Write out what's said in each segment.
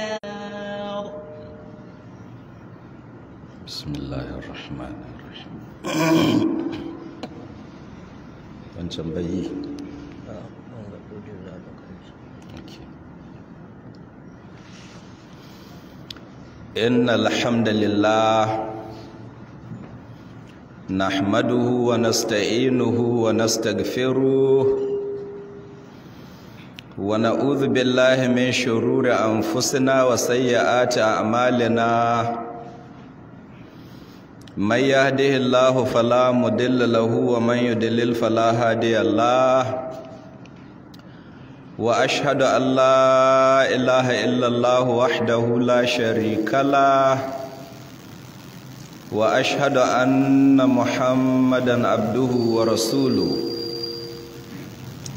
النار بسم الله الرحمن الرحيم أنتم bayi إن الحمد لله نحمده ونستعينه ونستغفره ونعوذ بالله من شرور أنفسنا وسيئات أعمالنا من يهده الله فلا مضل له ومن يضلل فلا هادي الله وأشهد أن لا إله إلا الله وحده لا شريك له وأشهد أن محمدا عبده ورسوله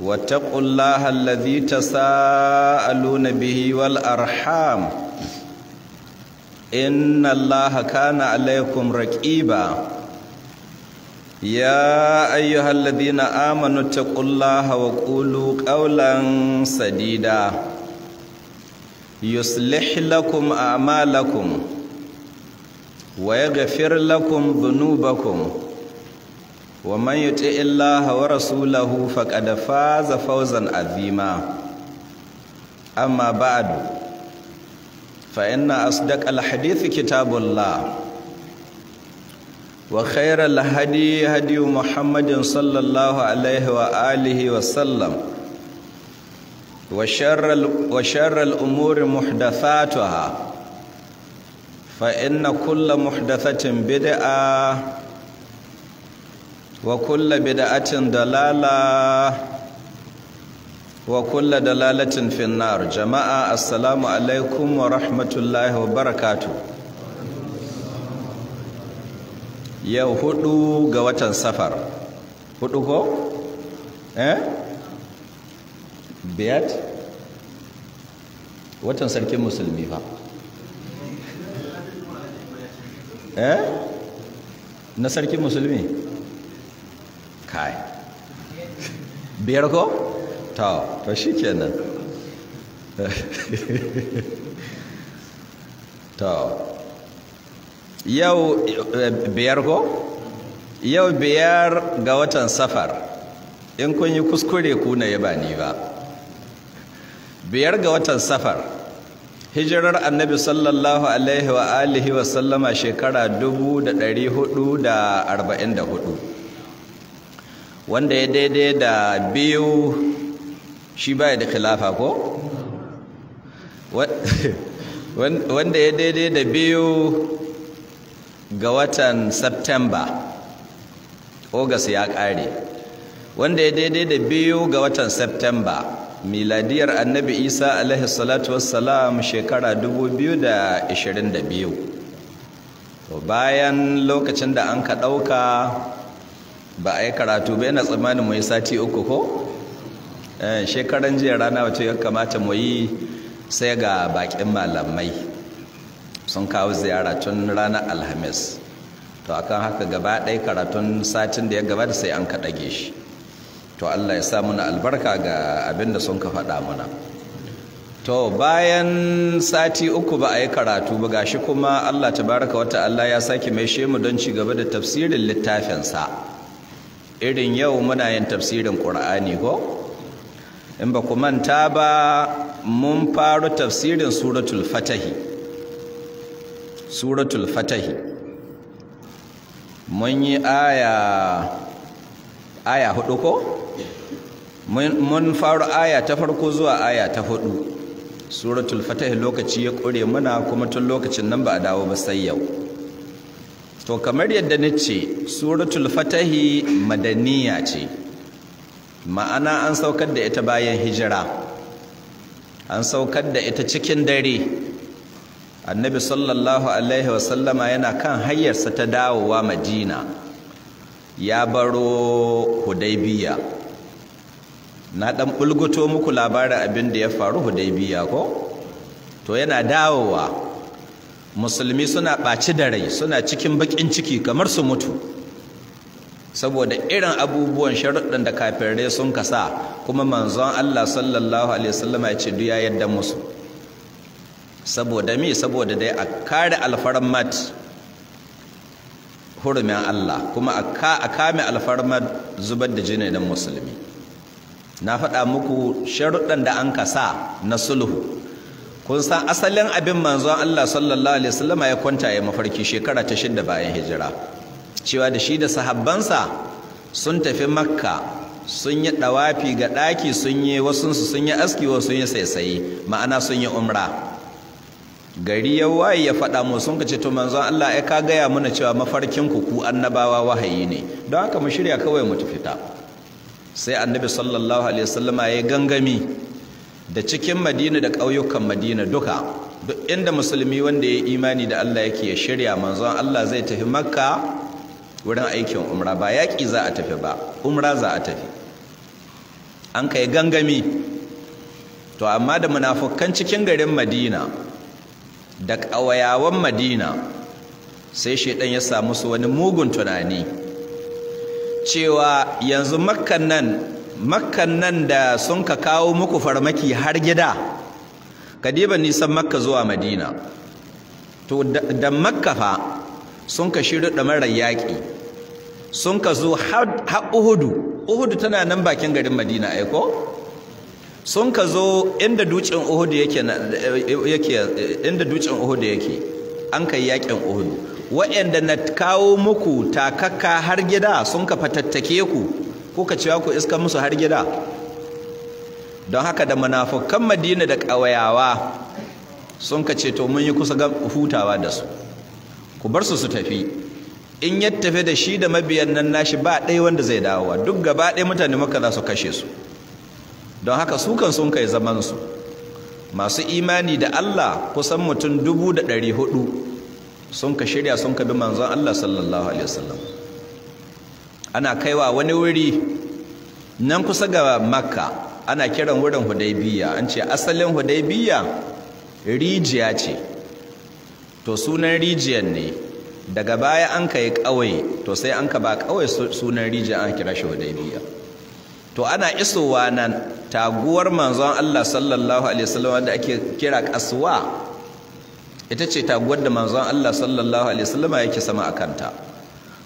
واتقوا الله الذي تساءلون به والأرحام إن الله كان عليكم رقيبا يا أيها الذين آمنوا اتقوا الله وقولوا قولا سديدا يصلح لكم أعمالكم ويغفر لكم ذنوبكم ومن يطع الله ورسوله فقد فاز فوزا عظيما أما بعد فإن أصدق الحديث كتاب الله وخير الهدي هدي محمد صلى الله عليه وآله وسلم وشر, وشر الأمور محدثاتها فإن كل محدثة بدعة wa kulla bid'atin dalala wa kulla dalalatin finnar jama'a assalamu alaikum wa rahmatullahi wa barakatu yau hudu ga watan safar hudu ko? eh? biyat? watan sarkin musulmi ba eh? na sarkin musulmi? kai biyar ko ta to kenan ta yau biyar ko yau biyar ga watan safar in kun yi kuskure ku na yaba ni ba biyar ga watan safar hijirar annabi sallallahu alaihi wa alihi wa sallama shekara 444 wanda ya daidai da biyu shi baya da khilafa ko wanda ya daidai da biyu ga watan september august ya kare wanda ya daidai da biyu ga watan september miladiyar annabi isa alaihi salatu wassalam shekara 2022 bayan lokacin da an ka ɗauka ba a yi karatu ba yana tsammanin mu yi sati uku ko eh, shekaran jiya rana wace ya kamata mu yi sai ga bakin malamai sun kawo ziyara tun ranar alhamis to akan haka gaba ɗaya karatun satin da ya gabata sai an kaɗage shi to allah ya sa muna albarka ga abin da sun ka faɗa muna to bayan sati uku ba a yi karatu ba gashi kuma allah Ta baraka wata allah ya sake mai shemu don ci gaba da tafsirin littafinsa irin yau muna yin tafsirin ƙur'ani ko in ba ku manta ba mun faru tafsirin suratul fatahi suratul fatahi mun yi aya aya hudu ko mun faru aya ta farko zuwa aya ta hudu suratul fatahi lokaci ya ƙure muna kuma tun lokacin nan ba a dawo ba sai yau to kamar yadda na ce suratul fatahi madaniya ce ma'ana an saukar da ita bayan hijira an saukar da ita cikin dare annabi sallallahu alaihi wasallama yana kan hanyarsa ta dawowa madina ya baro hudaibiya. na ɗan bulguto muku labarin abin da ya faru hudaibiya ko to yana dawowa musulmi suna ɓaci da rai suna cikin baƙin ciki kamar su mutu saboda irin abubuwan sharuɗin da kafirai sun kasa kuma manzon Allah sallallahu alaihi wasallam ya ce duya yadda musu saboda me saboda dai a kare mat hurumin Allah kuma a kame mat zubar da jini musulmi na faɗa muku sharuɗin da an kasa na sulhu kun san asalin abin manzon Allah sallallahu alaihi wasallama ya kwanta ya mafarki shekara ta shida bayan hijira cewa da shi da sahabbansa sun tafi makka sun yi dawafi ga daki sun yi wasunsu sun yi aski wasu sun yi saisaye ma'ana sun yi umra gari ya waye ya faɗa mu sun kace to manzon Allah ya ka gaya mana cewa mafarkin ku ku annabawa wahayi ne don haka mu shirya kawai mu tafi ta sai annabi sallallahu alaihi wasallama ya gangami da cikin madina da ƙauyukan madina duka duk inda musulmi wanda ya imani da Allah yake ya shirya manzon Allah zai tafi makka wurin aikin umra ba yaƙi za a tafi ba umra za a tafi an kai gangami to amma da munafukan cikin garin madina da ƙawayawan madina sai shaidan ya samu su wani mugun tunani cewa yanzu makkan nan makkan nan da sun ka kawo muku farmaki har gida ka diba nisan makka zuwa madina to da makka fa sun ka shirya marar yaƙi sun ka zo har uhudu uhudu tana nan bakin garin madina aiko sun ka zo inda ducin uhudu yake inda ducin uhudu yake an kai yaƙin uhudu waɗanda na kawo muku takakka har gida sun ka fatattake ku Ko ka cewa ku iska musu har gida don haka da munafukan madina da ƙawayawa sun ka ce to mun yi kusa ga hutawa da su ku bar su su tafi in ya tafi da shi da mabiyan nan nashi ba ɗaya wanda zai dawowa duk gaba ɗaya mutane maka za su kashe su don haka su kan sun kai zaman su masu imani da Allah kusan mutum dubu da ɗari hudu sun ka shirya sun ka bi manzon Allah sallallahu alaihi wasallam ana kaiwa wani wuri nan kusa ga makka ana kiran wurin hudaybiya an ce asalin hudaybiya rijiya ce to sunan rijiyar ne daga baya an ka yi kawai. to sai an ka ba ƙauye sunan rijiyan an kira shi hudaybiya to ana isowa nan taguwar manzon Allah sallallahu alaihi wasallam wanda ake kira kaswa ita ce taguwar da manzon Allah sallallahu alaihi wasallam yake sama a kanta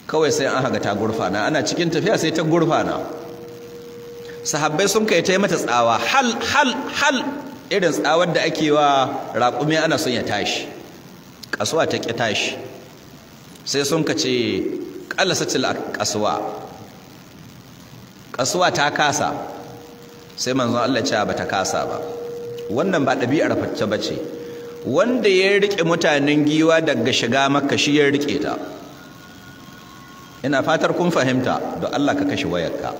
kawai sai an haga ta gurfana ana cikin tafiya sai ta gurfana sahabbai sun kai ta yi mata tsawa hal hal hal irin tsawar da ake wa raƙumi ana son ya tashi kasuwa ta ƙi tashi sai sun ka ce a kasuwa kasuwa ta kasa sai manzon Allah cewa ba ta kasa ba wannan ba ɗabi'ar facce ba ce wanda ya riƙe mutanen giwa daga shiga makka shi ya riƙe ta ina fatar kun fahimta don Allah ka kashe wayarka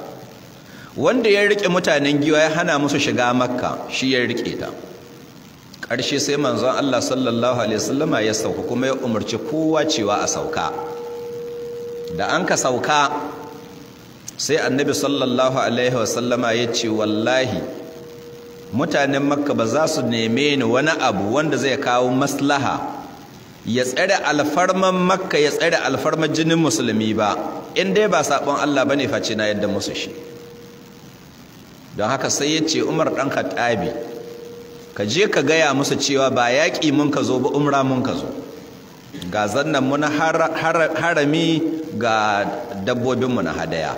wanda ya rike mutanen giwa ya hana musu shiga makka shi ya rike ta ƙarshe sai manzon Allah sallallahu alaihi wasallama ya sauka kuma ya umarci kowa cewa a sauka da an ka sauka sai annabi sallallahu alaihi wasallama ya ce wallahi mutanen makka ba za su neme ni wani abu wanda zai kawo maslaha ya tsare alfarman makka ya tsare alfarman jinin musulmi ba in dai ba sabon Allah bane face na yadda musu shi don haka sai ya ce Umar dan Khattabi ka je ka gaya musu cewa ba yaƙi mun ka zo ba umra mun ka zo ga zannan mu na harami ga dabbobin mu na hadaya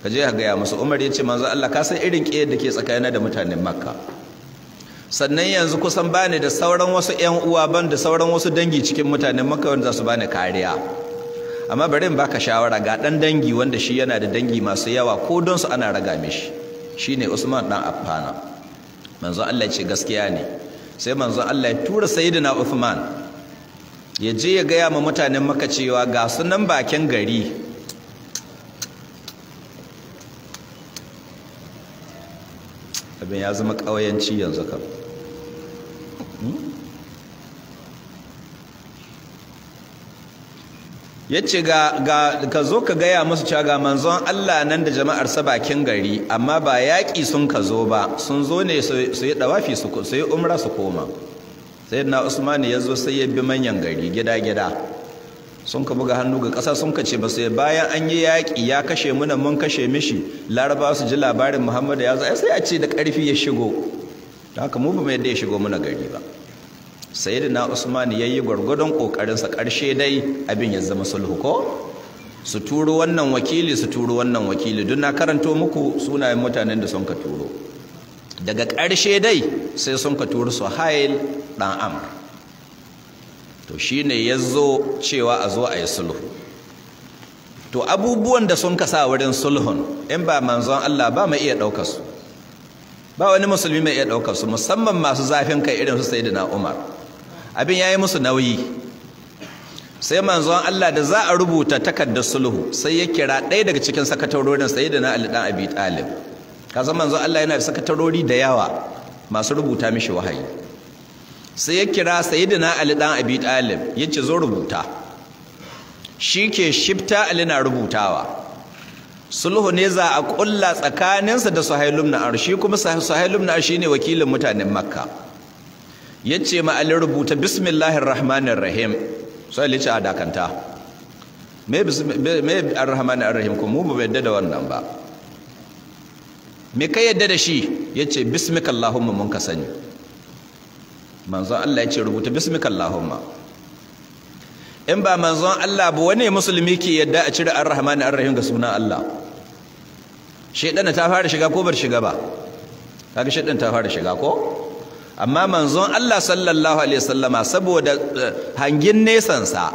ka je ka gaya musu Umar ya ce manzo Allah ka san irin ƙiyar da ke tsakanin da mutanen Makka sannan yanzu kusan bani da sauran wasu yan uwa ban da sauran wasu dangi cikin mutanen maka wanda za su bani kariya amma bari in baka shawara ga ɗan dangi wanda shi yana da dangi masu yawa ko don su ana raga mishi shine Usman dan Affana manzon Allah ce gaskiya ne sai manzon Allah ya tura sayyidina Usman. ya je ya gaya ma mutanen maka cewa ga sunan bakin gari abin ya zama ƙawayenci yanzu kan hmm? ya ce ka zo ka gaya musu cewa ga manzon Allah nan da jama'ar sa bakin gari amma ba yaƙi sun ka zo ba sun zo ne su yi ɗawafi su yi umra su koma sai na usmani ya zo sai ya bi manyan gari gida gida sun ka buga hannu ga ƙasa sun ka ce ba sai bayan an yi yaƙi ya kashe muna mun kashe mishi laraba su ji labarin muhammadu ya zai sai a ce da ƙarfi ya shigo da haka mu ba mai yadda ya shigo muna gari ba sayyidina usman ya yi gwargwadon ƙoƙarinsa ƙarshe dai abin ya zama sulhu ko su turo wannan wakili su turo wannan wakili duk na karanto muku sunayen mutanen da sun ka turo daga ƙarshe dai sai sun ka turo hail ɗan amr to shi ne ya zo cewa a zo a yi sulhu to abubuwan da sun kasa wurin sulhun in ba manzon Allah ba mai iya ɗaukarsu ba wani musulmi mai iya daukar musamman masu zafin kai irin su sayyidina Umar abin ya yi musu nauyi sai manzon Allah da za a rubuta takardar sulhu sai ya kira ɗaya daga cikin sakatarorin da na dan Abi Talib Kasan manzon Allah yana da sakatarori da yawa masu rubuta mishi wahayi sai ya kira na ali dan abi talib ce zo rubuta shike shifta ali na rubutawa sulhu ne za a kulla tsakaninsa da suhailum na arshi kuma suhailum na arshi ne wakilin mutanen makka Ya ce ma ali rubuta bismillahir rahmanir rahim sai ali ce a dakanta me me arrahmanir rahim ku? mu ba yadda da wannan ba me ka yadda da shi Ya yace allahumma mun ka sani manzon Allah ya ce rubuta bismikallahumma in ba manzon Allah ba wani musulmi ke yadda a cire ar-rahman ar-rahim ga sunan Allah shedan ta fara shiga ko bar shiga ba kaga shedan ta fara shiga ko amma manzon Allah sallallahu alaihi wasallama saboda eh, hangin nesansa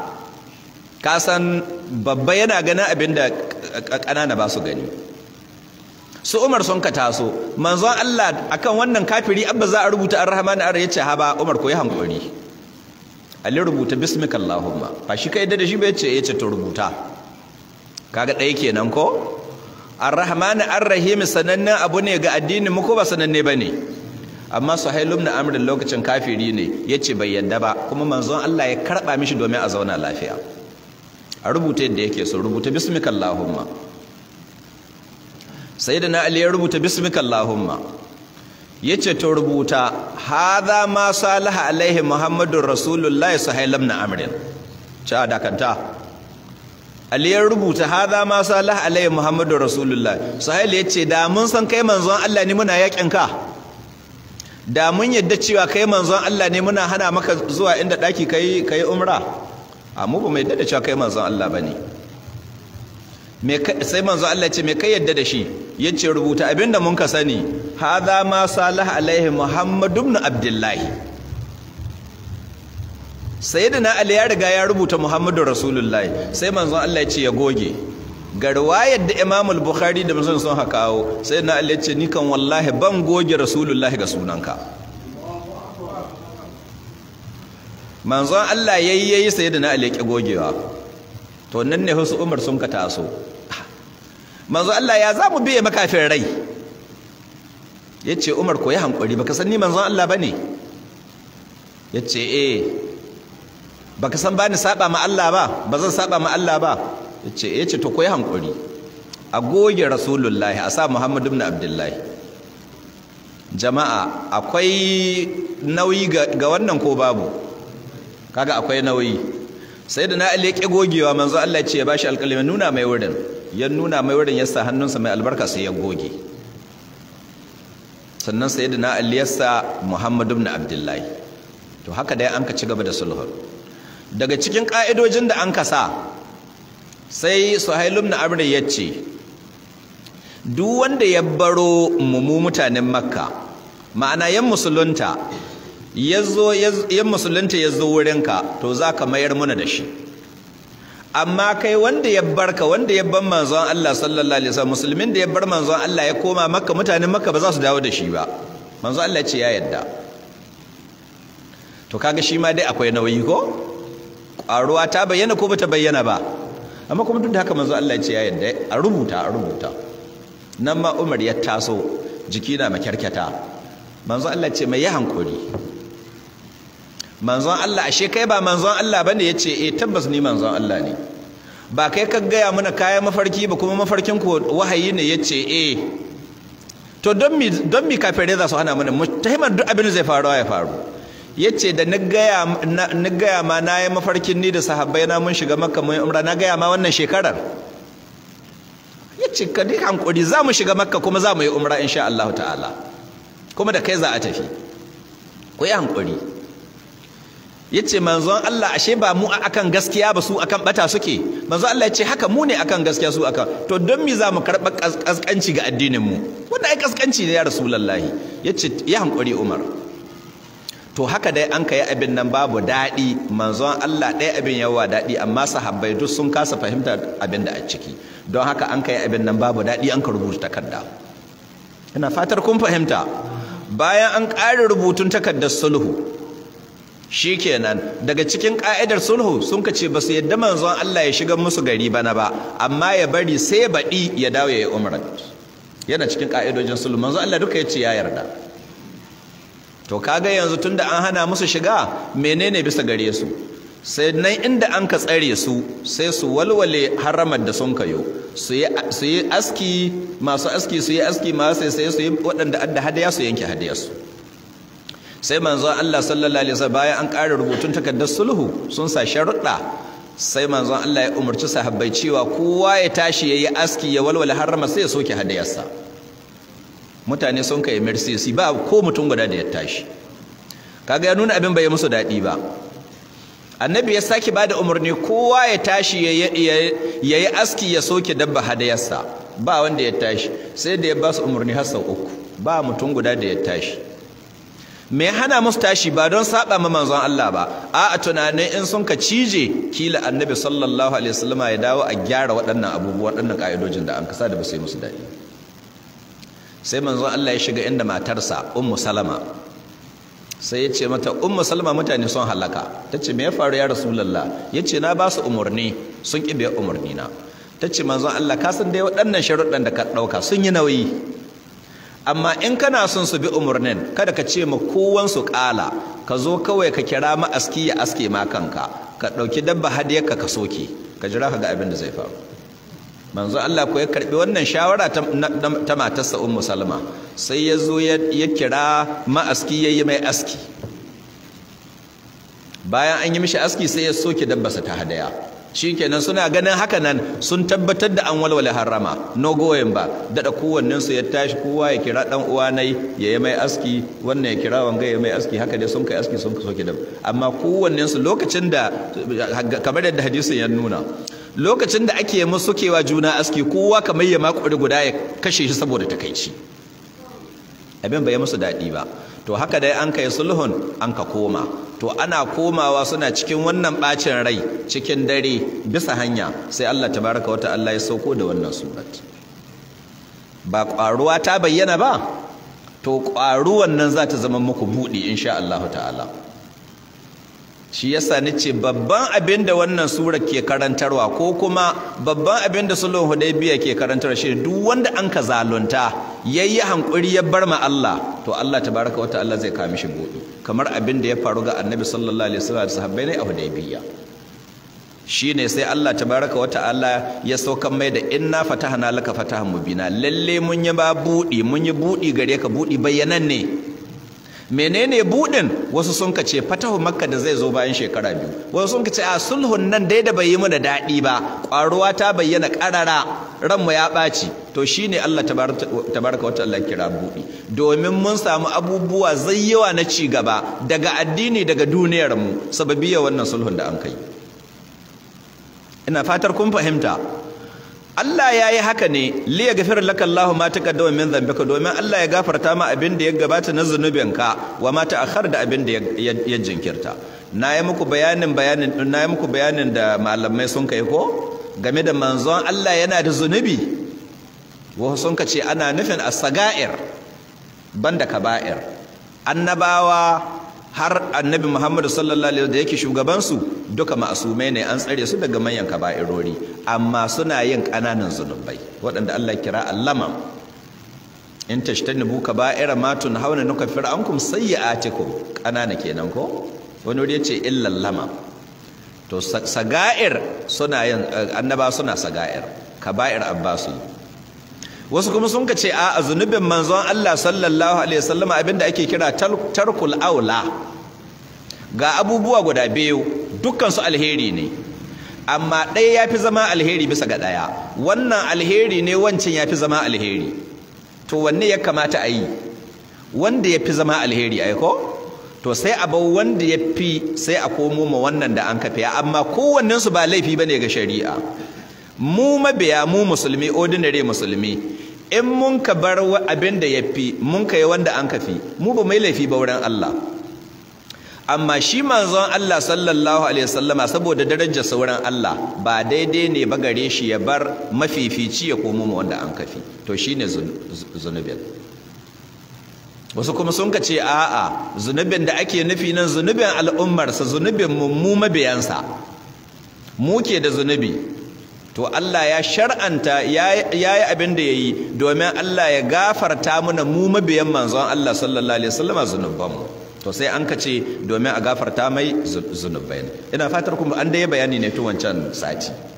ka san babba yana ganin abinda ƙanana ba su gani su Umar sun ka taso manzon Allah akan wannan kafiri abba za a rubuta ar-rahman ar yace ha ba Umar ko yi hankuri Ali rubuta bismika Allahumma ba shi kai da shi ba yace yace to rubuta kaga ɗaya kenan ko ar-rahman ar-rahim sanannen abu ne ga addinin mu ko ba sananne bane amma Suhail ibn Amr lokacin kafiri ne yace bai yadda ba kuma manzon Allah ya karba mishi domin a zauna lafiya a rubuta yadda yake so rubuta bismika Allahumma sayyidina ali ya rubuta bismika allahumma yace ta rubuta hadha ma salaha alaihi muhammadur rasulullahi suhailam na amrin cha dakanta ali ya rubuta hadha ma salaha alaihi muhammadur rasulullahi ya ce da mun san kai manzon Allah ne muna yakin ka da mun yadda cewa kai manzon Allah ne muna hana maka zuwa inda daki kai kai umra a mu ba mu da cewa kai manzon Allah bane me sai manzon Allah ce me kai yadda da shi yace rubuta abinda mun ka sani hadha ma salih alaihi muhammad ibn abdullah sayyidina ali ya riga ya rubuta muhammadu rasulullahi sai manzon Allah ya ce ya goge ga riwayar da Imam al-Bukhari da Muslim sun haka kawo sai na ya ce ni kan wallahi ban goge Rasulullahi ga sunanka manzon Allah yayi yayi sai da na Allah ya gogewa to nan ne Husu Umar sun ka taso manzo Allah ya zamu biye makafin rai yace Umar ko ya hankuri baka san ni Allah bane yace eh baka san bani saba ma Allah ba bazan saba ma Allah ba yace yace to ko ya hankuri a goge rasulullahi a sa Muhammad ibn Abdullahi jama'a akwai nauyi ga wannan ko babu kaga akwai nauyi sai da na ke gogewa manzo Allah ya ce ya bashi alƙalmi nuna mai wurin ya nuna mai wurin yasa hannunsa mai albarka sai ya goge sannan sai da na aliyarsa muhammadu na abdullahi to haka dai an ka ci gaba da sulhun daga cikin ka'idojin da an ka sa sai Suhailu na amri ya ce duk wanda ya baro mummu mutanen makka ma'ana yan musulunta yan musulunta ya zo wurinka to za ka mayar muna da shi amma kai wanda ya barka wanda ya bar manzon Allah sallallahu alaihi wasallam musulmin da ya bar manzon Allah ya koma makka mutanen makka ba za su dawo da shi ba manzon Allah ce ya yadda to kaga shi ma dai akwai nauyi ko ƙaruwa ta bayyana ko bata bayyana ba amma kuma duk da haka manzon Allah ce ya yadda a rubuta a rubuta nan ma Umar ya taso jiki na makyarkyata manzon Allah ce mai yi hankuri manzon Allah ashe kai ba manzon Allah bane yace eh tabbas ni manzon Allah ne ba kai ka gaya mana kayan mafarki ba kuma mafarkin ku wahayi ne yace eh to don mi don mi kafirai za su hana mana mutahimar duk abin zai faru ya faru yace da na gaya ma na yi mafarkin ni da sahabbai na mun shiga makka mun umra na gaya ma wannan shekarar yace ka dai hankuri za mu shiga makka kuma za mu yi umra insha Allah ta'ala kuma da kai za a tafi ku yi hankuri yace manzon Allah ashe ba mu akan gaskiya ba su akan bata suke manzon Allah yace haka mu ne akan gaskiya su akan to don mi za mu karba kaskanci ga addinin mu wanda ai kaskanci ne ya rasulullahi yace ya hankuri Umar to haka dai an kai abin nan babu daɗi manzon Allah dai abin yawa daɗi amma sahabbai duk sun kasa fahimta abin da a ciki don haka an kai abin nan babu daɗi an ka rubuta takarda ina fatar kun fahimta bayan an ƙara rubutun takardar sulhu shikenan daga cikin ka'idar sulhu sun ka ce ba su yadda manzon Allah ya shiga musu gari bana ba amma ya bari sai baɗi ya dawo ya yi umra yana cikin ka'idojin sulhu manzon Allah duka ya ce ya yarda to kaga yanzu tunda an hana musu shiga menene bisa gare su sai nan inda an ka tsare su sai su walwale haramar da sun kayo su yi aski masu aski su yi aski masu sai su yi waɗanda adda hadaya su yanke hadayarsu sai manzo Allah sallallahu alaihi wasallam bayan an ƙara rubutun takardar sulhu sun sa sharuɗa sai manzo Allah ya umurci sahabbai cewa kowa ya tashi yayi aski ya walwala harama sai ya soke hadiyarsa mutane sun kai mercy ba ko mutum guda da ya tashi kaga ya nuna abin bai musu daɗi ba annabi ya sake bada umarni kowa ya tashi yayi aski ya soke dabba hadiyarsa ba wanda ya tashi sai da ya ba su umarni har sau uku ba mutum guda da ya tashi me hana musu tashi ba don saba ma manzon Allah ba a tunanin in sun ka cije kila annabi sallallahu alaihi wasallam ya dawo a gyara waɗannan abubuwa waɗannan ka'idojin da an kasa da ba sai musu dadi. sai manzon Allah ya shiga inda matarsa ummu salama sai ya ce mata ummu salama mutane sun halaka ta ce me ya faru ya rasulullah ya ce na ba su umarni sun ƙi biya umarni na ta ce manzon Allah ka san dai waɗannan sharuɗan da ka ɗauka sun yi nauyi amma in kana son su bi umarnin kada ka ce ma kowan su kala ka zo kawai ka kira ma aski ya aske ma kanka ka ɗauki dabba hadiyarka ka soke ka jira ka ga abin da zai faru manzo Allah ko ya karbi wannan shawara ta matarsa ummu salma sai ya zo ya kira ma aski yayi mai aski bayan an yi mishi aski sai ya soke dabbarsa ta hadaya shikenan suna ganin haka nan sun tabbatar da an walwale harama no goyen ba daɗa kowannen su ya tashi kowa ya kira ɗan uwa nai ya yi mai aski wannan ya kira wanga ya mai aski haka dai sun kai aski sun kaso kidan amma kowannen su lokacin da kamar yadda hadisin ya nuna lokacin da ake musu kewa juna aski kowa kamar ya makwari guda ya kashe shi saboda takaici abin bai musu daɗi ba to haka dai an kai sulhun an ka koma to ana komawa suna cikin wannan bacin rai cikin dare bisa hanya sai Allah ta tabaraka wata 'Allah ya sauko da wannan surat ba ƙwaruwa ta bayyana ba to ƙwaruwan nan za ta zama muku buɗe insha Allah ta'ala shi yasa ni ce babban abin da wannan sura ke karantarwa ko kuma babban abin da sulhun hudaybiya ke karantarwa shi duk wanda an ka zalunta yayi hankuri ya bar ma Allah to Allah tabaraka wa ta'ala zai kame shi gobe kamar abin da ya faru ga Annabi sallallahu alaihi wasallam da sahabbai ne a hudaybiya shine sai Allah tabaraka wa ta'ala ya sauka mai da inna fatahna laka fatahan mubina lalle mun yi ba budi mun yi budi gare ka budi bayanan ne menene budin wasu sun ka ce fatahu makka da zai zo bayan shekara biyu wasu sun ka ce a sulhun nan dai da bai yi mana daɗi ba ƙwaruwa ta bayyana ƙarara ranmu ya ɓaci to shine Allah tabaraka wata Allah kira buɗi domin mun samu abubuwa zai yawa na ci gaba daga addini daga duniyar mu sababiya wannan sulhun da an kai ina fatar kun fahimta Allah ya yi haka ne liya yaghfir lahu mata ka taqaddama min dhanbika domin Allah ya gafarta ma abin da ya gabata na zunubinka wa ma ta'akhkhar da abin da ya jinkirta na yi muku bayanin bayanin na yi muku bayanin da malamai sun kai ko game da manzon Allah yana da zunubi wasu sun ka ce ana nufin as-saga'ir banda kaba'ir annabawa har annabi Muhammadu sallallahu alaihi da yake shugabansu duka ma'asumai ne an tsare su daga manyan kaba'irori amma suna yin ƙananan zunubai waɗanda Allah kira allama in tashtanibu matun hauna tunhauna nukaffir ankum sayyi'atikum ƙanana kenan ko wani wuri yace illa lama to saga'ir suna yin eh, annaba suna saga'ir kaba'ir abbasu wasu kuma sun ka ce a zunubin manzon Allah sallallahu alaihi wasallam abinda ake kira tarkul aula ga abubuwa guda biyu dukkan alheri ne amma ɗaya ya fi zama alheri bisa ga ɗaya wannan alheri ne wancan fi zama alheri to wanne ya kamata a yi wanda ya fi zama alheri a ko to sai a bau wanda ya fi sai a komo ma wannan da an kafe amma kowannensu ba laifi ba ne ga shari'a mu mabiya mu musulmi ordinary musulmi in mun ka bar abin da yafi mun ka yi wanda an kafi mu ba mai laifi ba wurin Allah amma shi manzon Allah sallallahu alaihi wasallama saboda darajar sauran Allah ba daidai ne ba gare shi ya bar mafifici ya komo mu wanda an kafi to shine zunubin wasu kuma sun ka ce a'a zunubin da ake nufi nan zunubin al'ummarsa zunubin mu mu mabiyansa mu ke da zunubi to Allah ya shar'anta ya yi abin da ya yi domin Allah ya gafarta muna mu mabiyan manzon Allah sallallahu alaihi wasallam zunubanmu to sai an ka ce domin a gafarta mai zunubai ina fatar kuma an da ya bayani ne tun wancan sati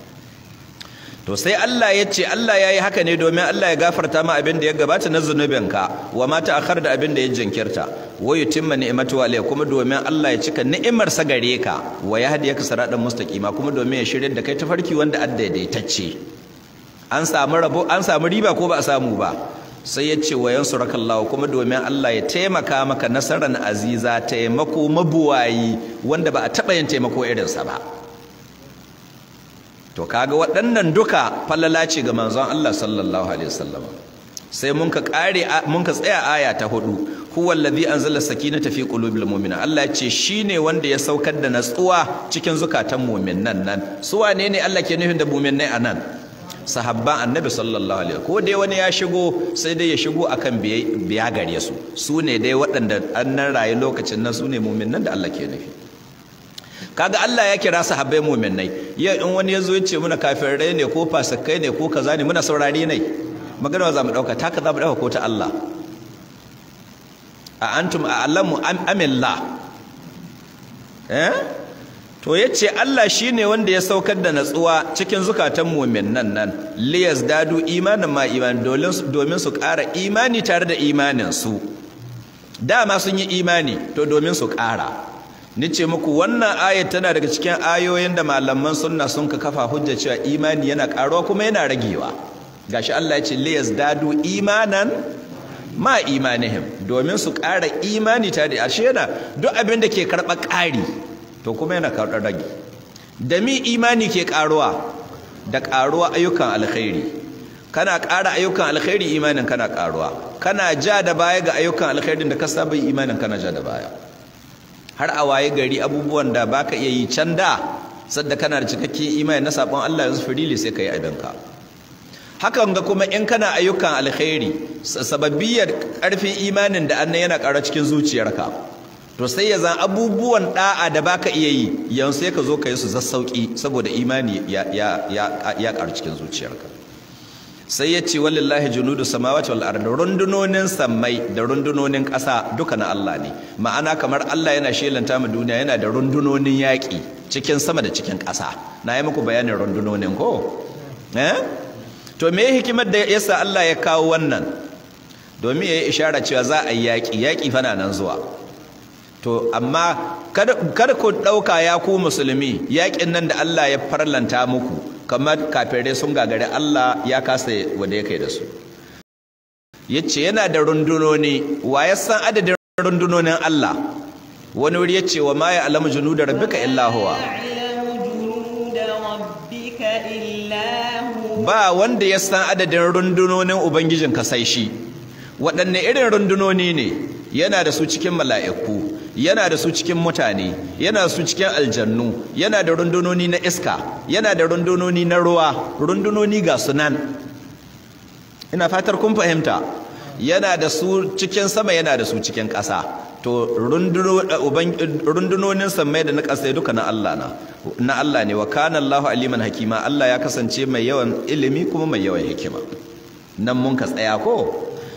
to sai Allah ya ce Allah ya yi haka ne domin Allah ya gafarta ma abin da ya gabata na zunubinka wa ma ta'akhkhar da abin da ya jinkirta wa yutimma ni'matu alayka kuma domin Allah ya cika ni'imar sa gare ka wa yahdiyaka siratan mustaqima kuma domin ya shirye da kai tafarki wanda addaidaitacce an samu rabo an samu riba ko ba a samu ba sai ya ce wa yansurakallahu kuma domin Allah ya taimaka maka nasaran aziza taimako mabuwayi wanda ba a taba yin taimako irinsa ba to kaga waɗannan duka falala ce ga manzon Allah sallallahu alaihi wasallam sai mun ka kare mun ka tsaya aya ta hudu huwal ladhi anzala sakinata fi qulubil mumina Allah ya ce shine wanda ya saukar da natsuwa cikin zukatan mu'minan nan su wane ne Allah ke nufin da mu'minai anan sahabban annabi sallallahu alaihi ko dai wani ya shigo sai dai ya shigo akan biya gare su su ne dai waɗanda annan rayu lokacin nan su ne mu'minan da Allah ke nufi kaga Allah ya kira sahabbai mu'minai yau in wani yazo ya ce muna kafirai ne ko fasikai ne ko kaza ne muna saurari ne magana za mu dauka taka za mu dauka ko ta Allah a antum a alamu amilla eh to yace Allah shine wanda ya saukar da natsuwa cikin zukatan mu'minan nan nan, liyas dadu imanin ma iman domin su kara, imani tare da imanin su dama sun yi imani to domin su kara. Ni ce muku wannan aya tana daga cikin ayoyin da malaman sunna sun ka kafa hujja cewa imani yana karuwa kuma yana ragewa Ga shi Allah ya ce li yazdadu imanan ma imanihim domin su kara imani tare da ashe yana duk abin da ke karba kari to kuma yana karɓar rage da mi imani ke karuwa da karuwa ayyukan alkhairi kana kara ayyukan alkhairi imanin kana karuwa kana ja da baya ga ayyukan alkhairin da ka saba imanin kana ja da baya har a waye gari abubuwan da baka iya yi can da sadda kana da cikakken imani na sabon Allah yanzu firili sai ka yi abinka hakan ga kuma in kana ayyukan alkhairi sababiyar karfin imanin da annan yana ƙara cikin zuciyarka to sai ya zan abubuwan da'a da baka iya yi yanzu sai ka zo ka yi su zassauki saboda imani ya ya ya, ƙara cikin zuciyarka sai ya ce walillahi junudu samawati wal ard rundunonin samai da rundunonin ƙasa duka na Allah ne ma'ana kamar Allah yana shelanta mu duniya yana da rundunonin yaƙi cikin sama da cikin ƙasa na yi muku bayanin rundunonin ko eh? to me hikimar da yasa Allah ya kawo wannan domin yayi ishara cewa za a yi yaƙi yaƙi fana nan zuwa to amma kada ku ɗauka ya ku musulmi yaƙin nan da Allah ya farlanta muku kamar kafirai sun gagari Allah ya kasa wanda ya kai da su Ya ce yana da rundunoni wa ya san adadin rundunonin Allah wani wuri ce wa ma ya alamu da rabbika ka ba wanda ya san adadin rundunonin Ubangijin kasai shi waɗanne irin rundunoni ne yana da su cikin mala'iku yana da su cikin mutane yana su cikin aljannu yana da rundunoni na iska yana da rundunoni na ruwa rundunoni ga sunan ina fatar kun fahimta yana da su cikin sama yana da su cikin ƙasa to rundunonin samai da na ƙasa duka na Allah na na Allah ne wa kana Allah aliman hakima Allah ya kasance mai yawan ilimi kuma mai yawan hikima nan mun ka tsaya ko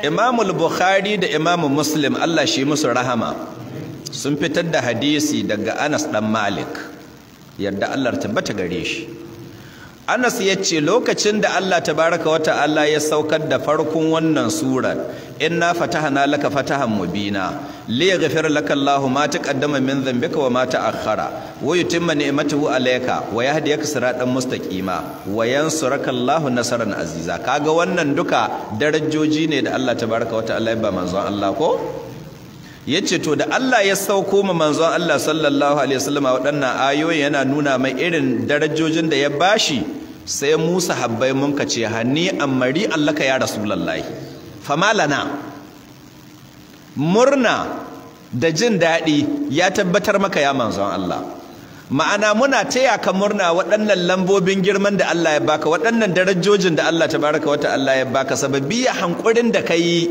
Imam al-Bukhari da Imam Muslim Allah shi musu rahama sun fitar da hadisi daga Anas dan Malik yadda Allah ta tabbata gare shi Anas ya ce lokacin da Allah tabaraka wata Allah ya saukar da farkon wannan surar inna fatahna laka fatahan mubina li yaghfir laka Allahu ma taqaddama min dhanbika wa ma ta'akhkhara wa yutimma ni'matahu alayka wa yahdiyaka siratan mustaqima wa yansuraka Allahu nasarar aziza kaga wannan duka darajoji ne da Allah tabaraka wata ta'ala ya ba manzon Allah ko yace to da Allah ya sauko ma manzon Allah sallallahu alaihi wasallam waɗannan ayoyi yana nuna mai irin darajojin da ya bashi sai Musa habbai mun kace hanni amari allaka ya rasu rasulullahi famalana murna da jin daɗi ya tabbatar maka ya manzon Allah ma'ana muna taya ka murna waɗannan lambobin girman da Allah ya baka waɗannan darajojin da Allah tabaraka wata ta'ala ya baka sababi ya hankurin da ka yi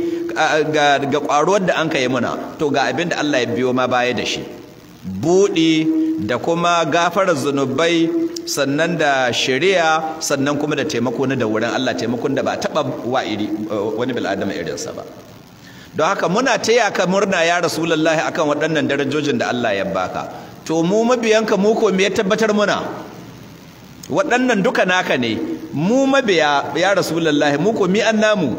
ga kwaruwar da an ka yi muna to ga abin da Allah ya biyo ma baya da shi buɗi da kuma gafarar zunubai sannan da shari'a sannan kuma da taimako na da wurin Allah taimakon da ba taɓa wa iri wani bil'adama irinsa ba don haka muna taya ka murna ya rasu lallahi akan waɗannan darajojin da Allah ya baka to mu mabiyanka mu ko me ya tabbatar muna waɗannan duka naka ne mu mabiya ya rasulullahi mu ko mi an namu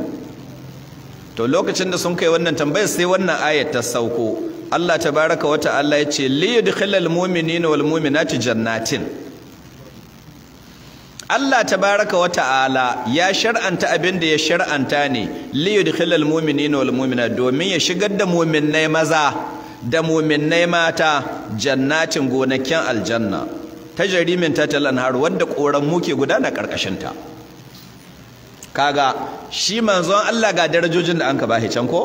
to lokacin da sun kai wannan tambayar sai wannan ayat ta sauko Allah tabaraka wa ta'ala ya ce li yudkhilal mu'minina wal mu'minati jannatin Allah tabaraka wa ta'ala ya shar'anta abin da ya shar'anta ne li yudkhilal mu'minina wal mu'minati domin ya shigar da mu'minnai maza da muminnai mata jannatin gonakin aljanna ta jarimin tattalin har wadda koran muke gudana karkashinta kaga shi manzon Allah ga darajojin da anka bahi can ko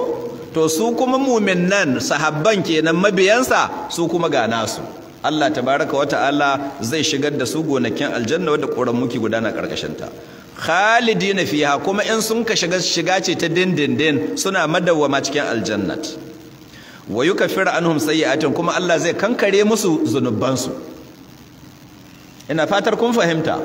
to su kuma muminnan sahabban kenan mabiyansa su kuma ga nasu Allah baraka wa ta'ala zai shigar da su gonakin aljanna wadda koran muke gudana karkashinta khalidina fiha kuma in sun ka shiga shiga ce ta dindindin suna madawwama cikin aljannat wa yukaffiru anhum sayyi'atin kuma Allah zai kankare musu zunubansu ina fatar kun fahimta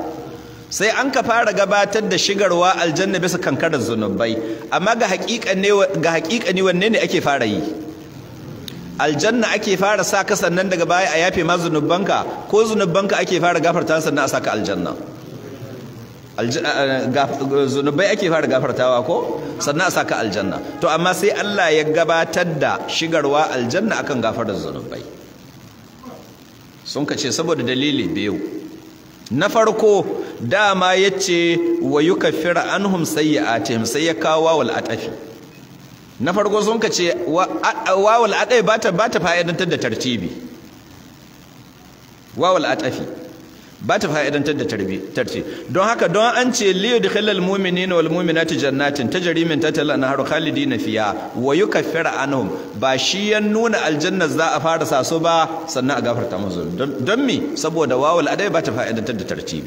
sai an ka fara gabatar da shigarwa aljanna bisa kankarar zunubai amma ga haƙiƙa ne wanne ne ake fara yi aljanna ake fara sa ka sannan daga baya a yafe ma zunubanka ko zunubanka ake fara gafarta sannan a saka aljanna Eh, eh, zunubai ake fara gafartawa ko sannan a saka aljanna to amma sai Allah ya gabatar da shigarwa aljanna akan gafarar zunubai sun kace saboda dalili biyu na farko dama ya ce wa yukaffira a sayyi'atihim sai ya kawo a atafi na farko sun kace wawal atafi ba ta fa'idantar da tartibi wawal atafi ba ta fa'idantar da tarci don haka don an ce liyu da khilal mumini na walmuminati jannatin ta jarimin tattala na haru khalidi na fiya wa yi fira anhum ba shi ya nuna aljanna za a fara saso ba sannan a gafarta mazu don mi saboda wawul adai ba ta fa'idantar da tarci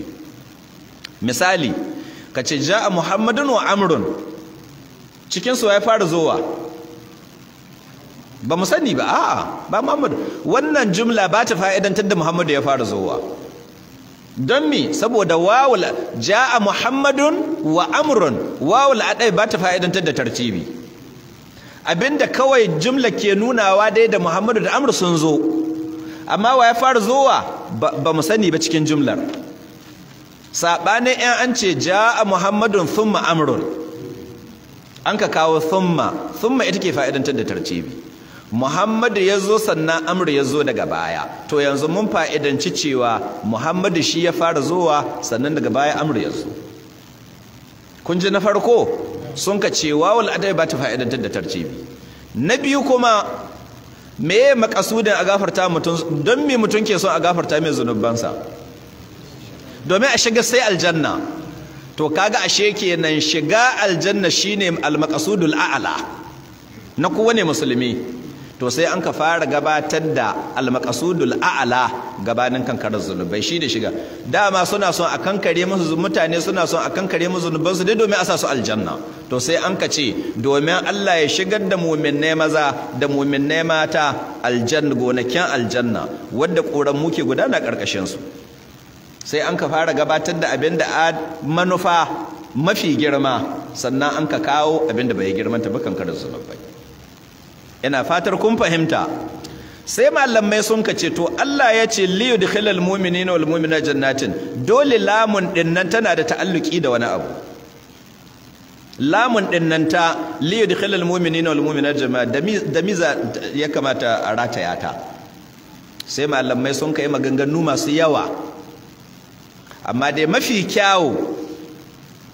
misali ka ce ja'a muhammadun wa amrun cikinsu ya fara zowa ba mu sani ba a'a ba muhammadu wannan jumla ba ta fa'idantar da muhammadu ya fara zowa don mi saboda wawul ja'a muhammadun wa amurun wawul adai ba ta fa'idantar da tartibi abinda kawai jumla ke nunawa dai da muhammadu da amur sun zo amma wa ya fara zowa ba mu sani ba cikin jumlar saɓanin yan an ce ja'a muhammadun thumma amurun an ka kawo thumma thumma ita ke fa'idantar da tartibi Muhammadu ya zo sannan Amr ya zo daga baya to yanzu mun fa'idanci cewa Muhammadu shi ya fara zuwa sannan daga baya Amr ya zo kun ji na farko sun ka ce wawul adai ba ta fa'idantar da tarjibi na biyu kuma me makasudin a gafarta mutum don me mutum ke son a gafarta mai zunubansa domin a shiga sai aljanna to kaga ashe kenan shiga aljanna shine almakasudul a'ala na kowane musulmi to sai an ka fara gabatar da almakasudul a'ala gabanin kankarar zunubai shi da shiga dama suna son a kankare musu mutane suna son a kankare musu su dai domin a sa su aljanna to sai an ka ce domin Allah ya shigar da ne maza da ne mata aljanna gonakin aljanna wanda koran muke gudana karkashin su sai an ka fara gabatar da abin da manufa mafi girma sannan an ka kawo abin da bai girmanta ba kankarar zunubai ina fatar kun fahimta sai malamai sun ka ce to Allah ya ce li yudkhilal mu'minina wal mu'minat jannatin dole lamun din nan tana da ta'alluki da wani abu lamun din nan ta li yudkhilal mu'minina wal mu'minat jama'a da miza ya kamata a rataya ta sai malamai sun kai maganganu masu yawa amma dai mafi kyawu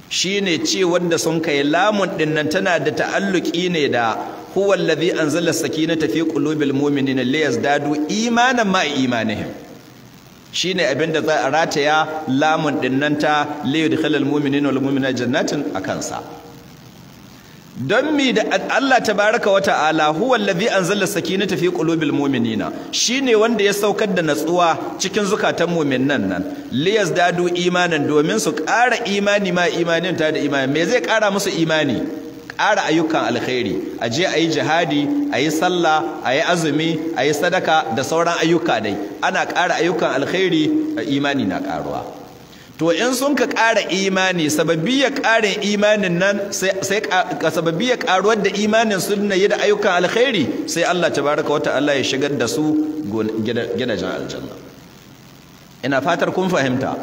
shine ce wanda sun kai lamun din nan tana da ta'alluki ne da huwa allazi anzala as-sakinata fi qulubil mu'minina liyazdadu imanan ma imanihim shine abin da za a rataya lamun dinnan ta liyudkhilal mu'minina wal na jannatin a kansa. don mi da Allah ta tabaraka wa ta'ala huwa allazi anzala as-sakinata fi qulubil Shi ne wanda ya saukar da natsuwa cikin zukatan mu'minan nan nan. dadu imanin. domin su kara imani ma imanin ta da imani me zai ƙara musu imani ƙara ayyukan alkhairi a je a yi jihadi a yi sallah a yi azumi a yi sadaka da sauran ayyuka dai ana ƙara ayyukan alkhairi imani na ƙaruwa to in sun ka ƙara imani sababbi ya ƙarin imanin nan sai sababbi ya ƙaruwar da imanin sun na yi da ayyukan alkhairi sai Allah tabaraka wata Allah ya shigar da su gidajen aljanna ina fatar kun fahimta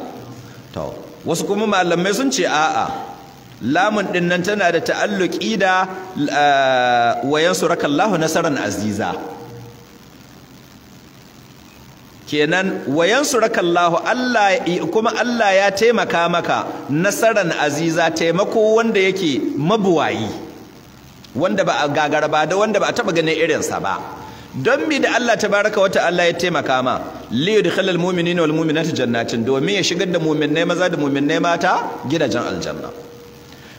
to wasu kuma malamai sun ce a'a lamun din nan tana da ta'alluki da eh, wayan surakallahu nasaran aziza kenan wayan surakallahu Allah kuma Allah ya taimaka maka nasaran aziza taimako wanda yake mabuwayi wanda ba a gagara ba da wanda ba a taba ganin irinsa ba don mi da Allah baraka wata Allah ya taimaka ma li yudkhilal mu'minina wal mu'minati jannatin domin ya shigar da mu'minnai maza da mu'minnai mata gidajen aljanna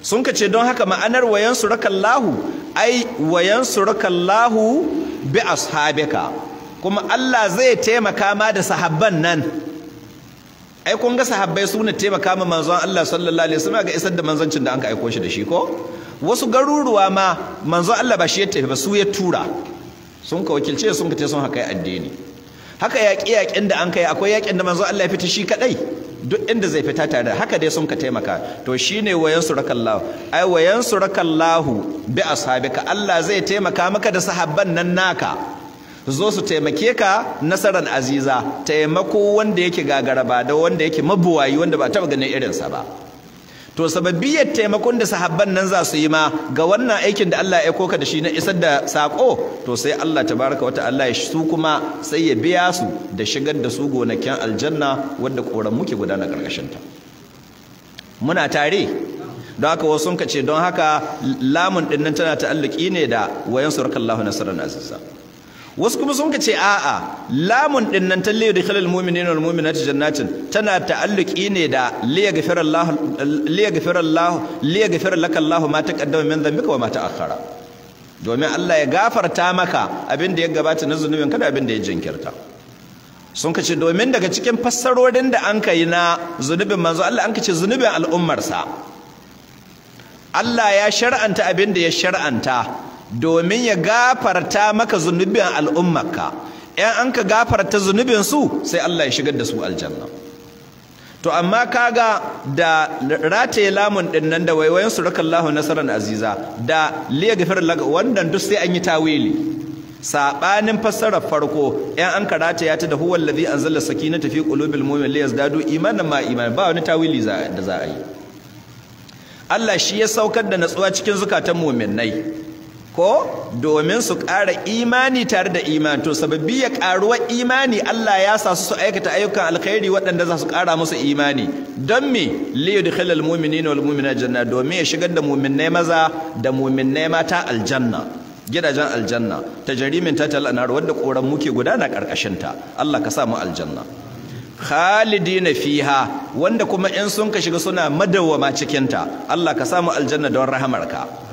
sun ka ce don haka ma'anar wayan surakallahu ai wayan surakallahu bi ashabika kuma Allah zai taimaka ma da sahabban nan ai kun ga sahabbai su ne taimaka ma manzon Allah sallallahu alaihi wasallam ga isar da manzancin da an ka aiko shi da shi ko wasu garuruwa ma manzon Allah ba shi ya tafi ba su ya tura sun ka wakilce sun ka ce sun haka addini haka yaƙi yaƙin da an kai akwai yaƙin da manzon Allah ya fita shi kadai duk inda zai fita tare da haka dai sun ka taimaka to shine wayan surakallahu ai wayan surakallahu bi ashabika Allah zai taimaka maka da sahabban nan naka zo su taimake ka nasaran aziza taimako wanda yake gagaraba da wanda yake mabuwayi wanda ba taba ganin irinsa ba to sababbiyar taimakon da sahabban nan za su yi ma ga wannan aikin da Allah ya koka da shi na isar da sako to sai Allah ta tabaraka wata Allah ya su kuma sai ya biya su da shigar da su gonakin aljanna wanda koran muke gudana karkashin ta muna tare don haka wasu sun ce don haka lamun ɗinnan tana ta'alluki ne da wayan surkallahu nasran azizza wasu kuma sun ce a'a lamun din nan ta liya na mu'minina wal mu'minati jannatin tana ta'alluki ne da liya ghafara Allah liya ghafara Allah liya ghafara laka ma taqaddama min dhanbika wa ma ta'akhkhara domin Allah ya gafarta maka abin da ya gabata na zunubin kada abin da ya jinkirta sun kace domin daga cikin fassarorin da an kai na zunubin manzo Allah an kace zunubin al'ummarsa Allah ya shar'anta abin da ya shar'anta domin ya gafarta maka zunubin al'ummarka ‘yan an ka gafarta zunubinsu, sai Allah ya shigar da su aljanna to amma kaga da rataye lamun ɗinnan da waiwayen su rakan nasaran aziza da liya gafir laga wannan duk sai an yi tawili saɓanin fassarar farko ‘yan an ka rataya ta da huwal ladhi anzala sakinata fi qulubil mu'min liyazdadu imanan ma iman ba wani tawili da za a yi Allah shi ya saukar da natsuwa cikin zukatan mu'minai ko domin su ƙara imani tare da imani to sababbi ya ƙaruwar imani Allah ya sa su aikata ayyukan alkhairi waɗanda za su ƙara musu imani don me li yudkhil al mu'minin wal mu'minat janna domin ya shigar da mu'minnai maza da mu'minnai mata aljanna gidajen aljanna tajrimin tatal anar wanda koran muke gudana karkashin ta Allah ka sa mu aljanna khalidina fiha wanda kuma in sun ka shiga suna madawama cikin ta Allah ka sa aljanna don rahamarka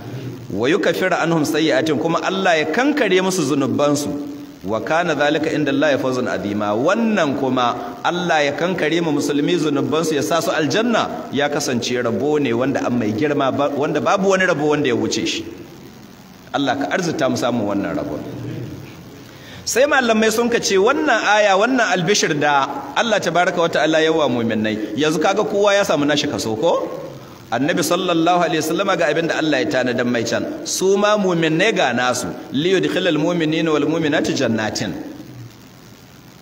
wa yukaffiru anhum sayyi'atihim kuma Allah ya kankare musu zunubansu wa kana zalika inda Allah ya fawzun azima wannan kuma Allah ya kankare mu musulmi zunubansu ya sa su aljanna ya kasance rabo ne wanda an mai girma wanda babu wani rabo wanda ya wuce shi Allah ka arzuta mu samu wannan rabon sai malamai sun ka ce wannan aya wannan albishir da Allah ta tabaraka wa ta'ala yawa mu'minai yanzu kaga kowa ya samu nashi kaso ko annabi sallallahu alaihi wasallama ga abinda Allah ya tanadan mai can su ma mu'minai ga nasu li yudkhilal mu'minina wal mu'minati jannatin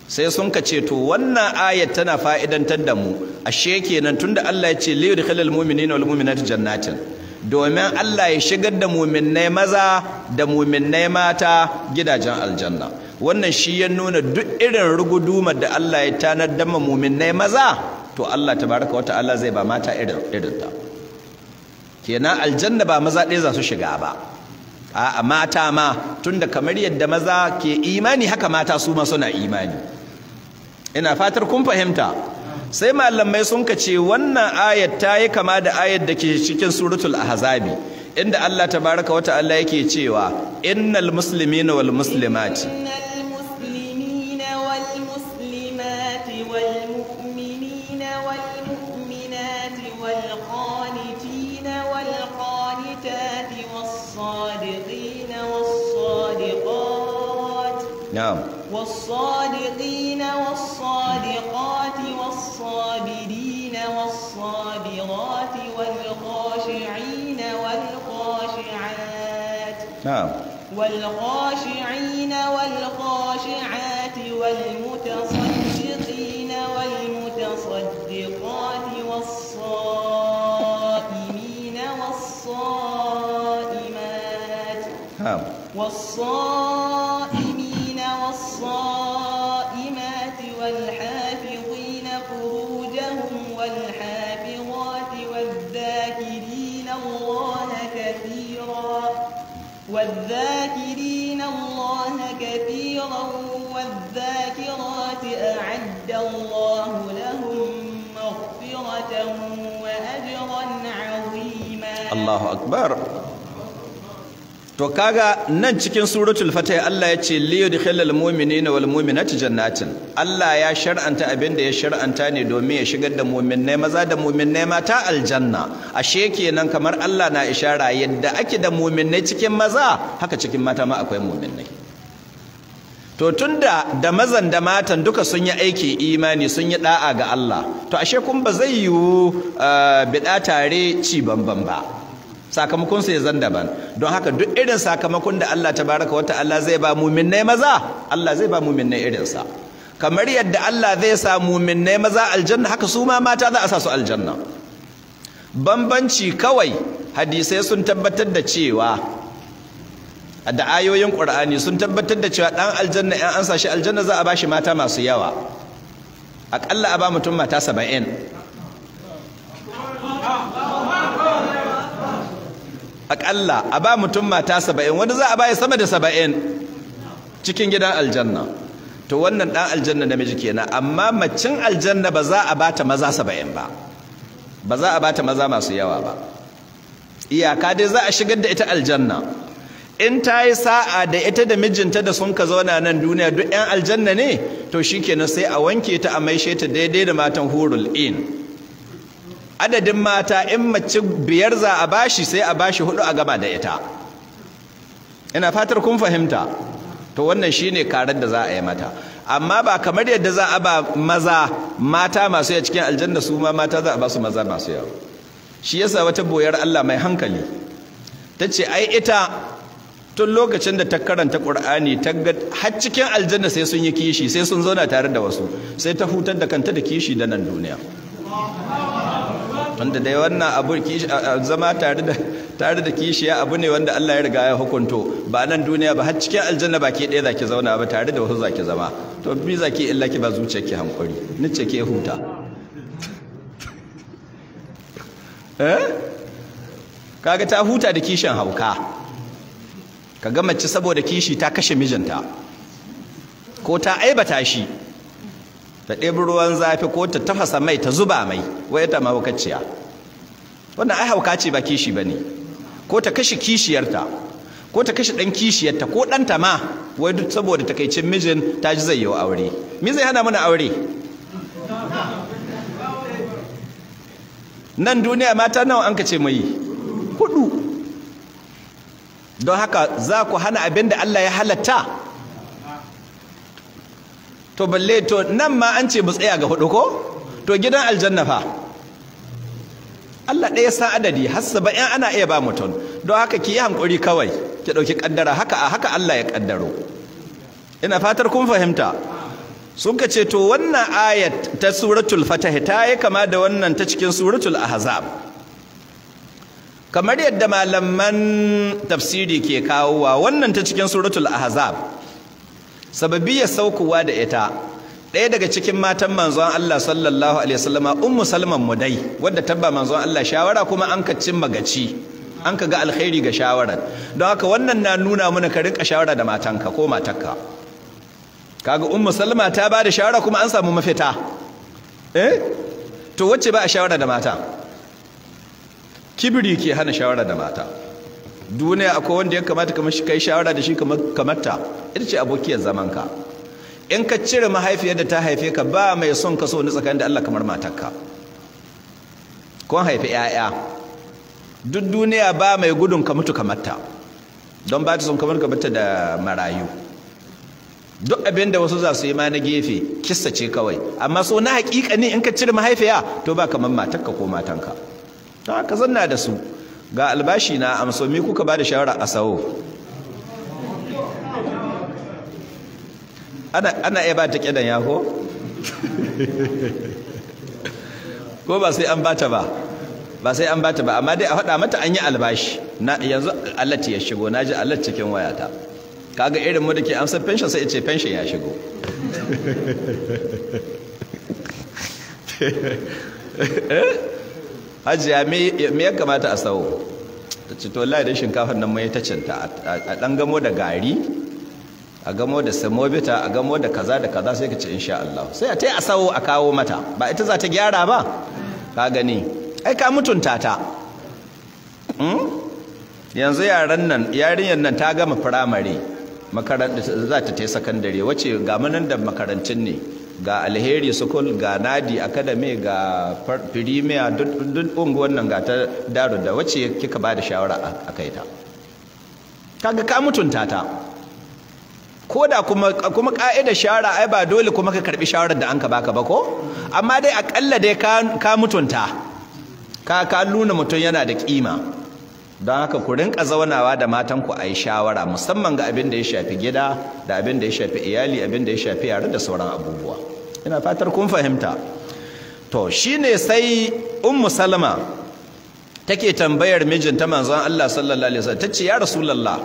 sai sun kace to wannan ayat tana fa'idantar da mu ashe kenan tunda Allah ya ce li yudkhilal mu'minina wal mu'minati jannatin domin Allah ya shigar da mu'minai maza da mu'minai mata gidajen aljanna wannan shi ya nuna duk irin rugudumar da Allah ya tanar da mu'minai maza to Allah tabaraka wa ta'ala zai ba mata irin irin ta kenan aljanna ba maza ɗaya za su shiga ba a'a mata ma tunda kamar yadda maza ke imani haka mata su ma suna imani ina fatar kun fahimta sai malamai sun ka ce wannan ayat ta yi kama da ayat da ke cikin suratul ahzabi inda Allah tabaraka wa ta'ala yake cewa innal muslimina wal muslimati نعم والصادقين والصادقات والصابرين والصابرات والخاشعين والخاشعات نعم والخاشعين والخاشعات والمتصدقين والمتصدقات والصائمين والصائمات نعم والصائمين الصائمات والحافظين فروجهم والحافظات والذاكرين الله كثيرا والذاكرين الله كثيرا والذاكرات أعد الله لهم مغفرة وأجرا عظيما الله أكبر to kaga nan cikin suratul fatih Allah ya ce li yudkhilal mu'minina wal mu'minati jannatin Allah ya shar'anta abinda ya shar'anta ne domin ya shigar da mu'minne maza da mu'minne mata aljanna ashe kenan kamar Allah na ishara yadda ake da mu'minne cikin maza haka cikin mata ma akwai mu'minne to tunda da mazan da matan duka sun yi aiki imani sun yi da'a ga Allah to ashe kun ba zai yiwu eh, bida tare ci bambam ba sakamakon su ya zan daban don haka duk irin sakamakon da Allah ta baraka wata allah zai ba mu'minnai maza Allah zai ba mu'minnai irin sa kamar yadda Allah zai sa mu'minnai maza aljanna haka su ma mata za a sa su aljanna bambanci kawai hadisai sun tabbatar da cewa da ayoyin Qur'ani sun tabbatar da cewa dan aljanna in an sa shi aljanna za a bashi mata masu yawa aƙalla a ba mutum mata saba'in. aƙalla a ba mutum mata saba'in wanda za a baya sama da saba'in cikin gidan aljanna to wannan ɗan aljanna namiji kenan amma macin aljanna ba za a bata maza saba'in ba ba za a bata maza masu yawa ba iyaka dai za a shigar da ita aljanna in ta yi sa'a da ita da mijinta da sun ka zauna nan duniya duk 'yan aljanna ne to shi kenan sai a wanke ta a maishe ta daidai da matan hurul in adadin mata in mace biyar za a bashi sai a bashi hudu a gama da ita ina fatar kun fahimta to wannan shine karar da za a yi mata amma ba kamar yadda za a ba maza mata masu yawa cikin aljanna su ma mata za a ba su maza masu yawa shi yasa wata boyar Allah mai hankali ta ce ai ita tun lokacin da ta karanta Qur'ani ta ga har cikin aljanna sai sun yi kishi sai sun zauna tare da wasu sai ta hutar da kanta da kishi da nan duniya wanda dai wannan abu zama tare da tare da kishiya abu ne wanda Allah ya riga ya hukunto ba nan duniya ba har cikin aljanna baki ɗaya zaki zauna ba tare da wasu zaki zama to bi zaki illa ki ba zuciyarki hankuri ce ke huta eh kaga ta huta da kishin hauka kaga mace saboda kishi ta kashe mijinta ko ta aibata shi ta ɗebi ruwan zafi ko ta tafasa mai ta zuba mai wai ta mahaukaciya wannan ai hauka ce ba kishi ba ne ko ta kashe kishiyarta ko ta kashe ɗan kishiyarta ko ɗanta ma wai duk saboda takaicin mijin ta ji zai yi aure me zai hana mana aure nan duniya mata nawa an ka ce mai hudu don haka za ku hana abin da Allah ya halatta to balle to nan ma an ce mu tsaya ga hudu ko to gidan aljanna fa Allah ɗaya san adadi har in ana iya ba mutum don haka ki yi hankuri kawai ki ɗauki ƙaddara haka a haka Allah ya ƙaddaro ina fatar kun fahimta Sun ce to wannan ayat ta suratul fatah ta yi kama da wannan ta cikin suratul ahzab kamar yadda malaman tafsiri ke kawowa wannan ta cikin suratul ahzab sababiyar saukowa da ita ɗaya daga cikin matan manzon Allah sallallahu alaihi wasallama ummu salman mudai wadda tabba manzon Allah shawara kuma an ka cimma magaci an ka ga alkhairi ga shawara. don haka wannan na nuna mana ka rinka shawara da matanka ko matarka kaga ummu salma ta ba da shawara kuma an samu mafita eh to wacce ba a shawara da mata kibiri ke hana shawara da mata duniya akwai wanda ya kamata kamar shi kai shawara da shi kamata ita ce abokiyar zamanka in ka cire mahaifiyar da ta haife ka ba mai son ka so ni tsakanin da Allah kamar matarka kun haifi 'ya'ya duk duniya ba mai gudun ka mutu kamar ta don ba ta son kamar ka mutu da marayu duk abin da wasu za su yi ma na gefe kissa ce kawai amma so na hakika ne in ka cire mahaifiya to ba kamar matarka ko matanka ta ka zanna da su ga albashi na amso mi kuka ba da shawara a sawo ana iya ba ta kidan yako ko ba sai an bata ba ba sai an bata ba amma dai a faɗa mata an yi albashi na yanzu allati ya shigo na ji allat cikin wayata kaga irin mu da ke amsar pension sai ce pension ya shigo eh hajiya me ya kamata a sawo ta ce to lai da shinkafar nan mai ta cinta a dan gamo da gari a gamo da samobita a gamo da kaza da kaza sai ka ce insha Allah sai a tai a sawo a kawo mata ba ita za ta gyara ba ka gani ai ka mutunta ta hmm? yanzu yaran nan yarinyar nan ta gama firamare makaranta za ta tai sakandare wace ga da makarantun ne ga alheri sukul ga nadi academy ga firimiya duk unguwan nan ga ta daru da wacce kika ba da shawara a kai ta kaga ka mutunta ta ko da kuma kuma ka'ida shawara ai ba dole kuma ka karbi shawarar da an ka baka ba ko amma dai akalla dai ka mutunta ka ka nuna mutum yana da kima don haka ku rinka zaunawa da matanku a yi shawara musamman ga abin da ya shafi gida da abin da ya shafi iyali abin da ya shafi yare da sauran abubuwa ina fatar kun fahimta to shine sai ummu salama take tambayar mijinta manzon Allah sallallahu alaihi wasallam tace ya rasulullah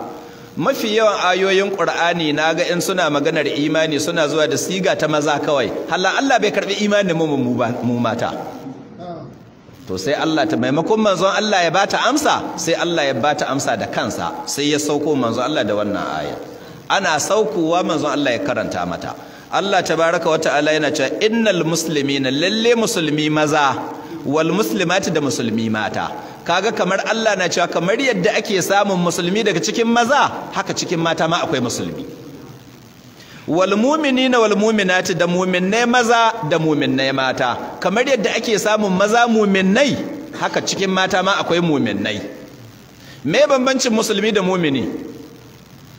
mafi yawan ayoyin qur'ani naga in suna maganar imani suna zuwa da siga ta maza kawai hala Allah bai karbi imanin mu mu mata to sai Allah ta maimakon manzon Allah ya bata amsa sai Allah ya bata amsa da kansa sai ya sauko manzon Allah da wannan aya ana saukowa manzon Allah ya karanta mata Allah ta baraka wa ta'ala yana cewa innal muslimina lalle musulmi maza wal muslimati da musulmi mata kaga kamar Allah na cewa kamar yadda ake samun musulmi daga cikin maza haka cikin mata ma akwai musulmi Walmumini na wal da muminai maza da muminai mata kamar yadda ake samun maza mu'minnai haka cikin mata ma akwai muminai. me bambancin musulmi da mu'mini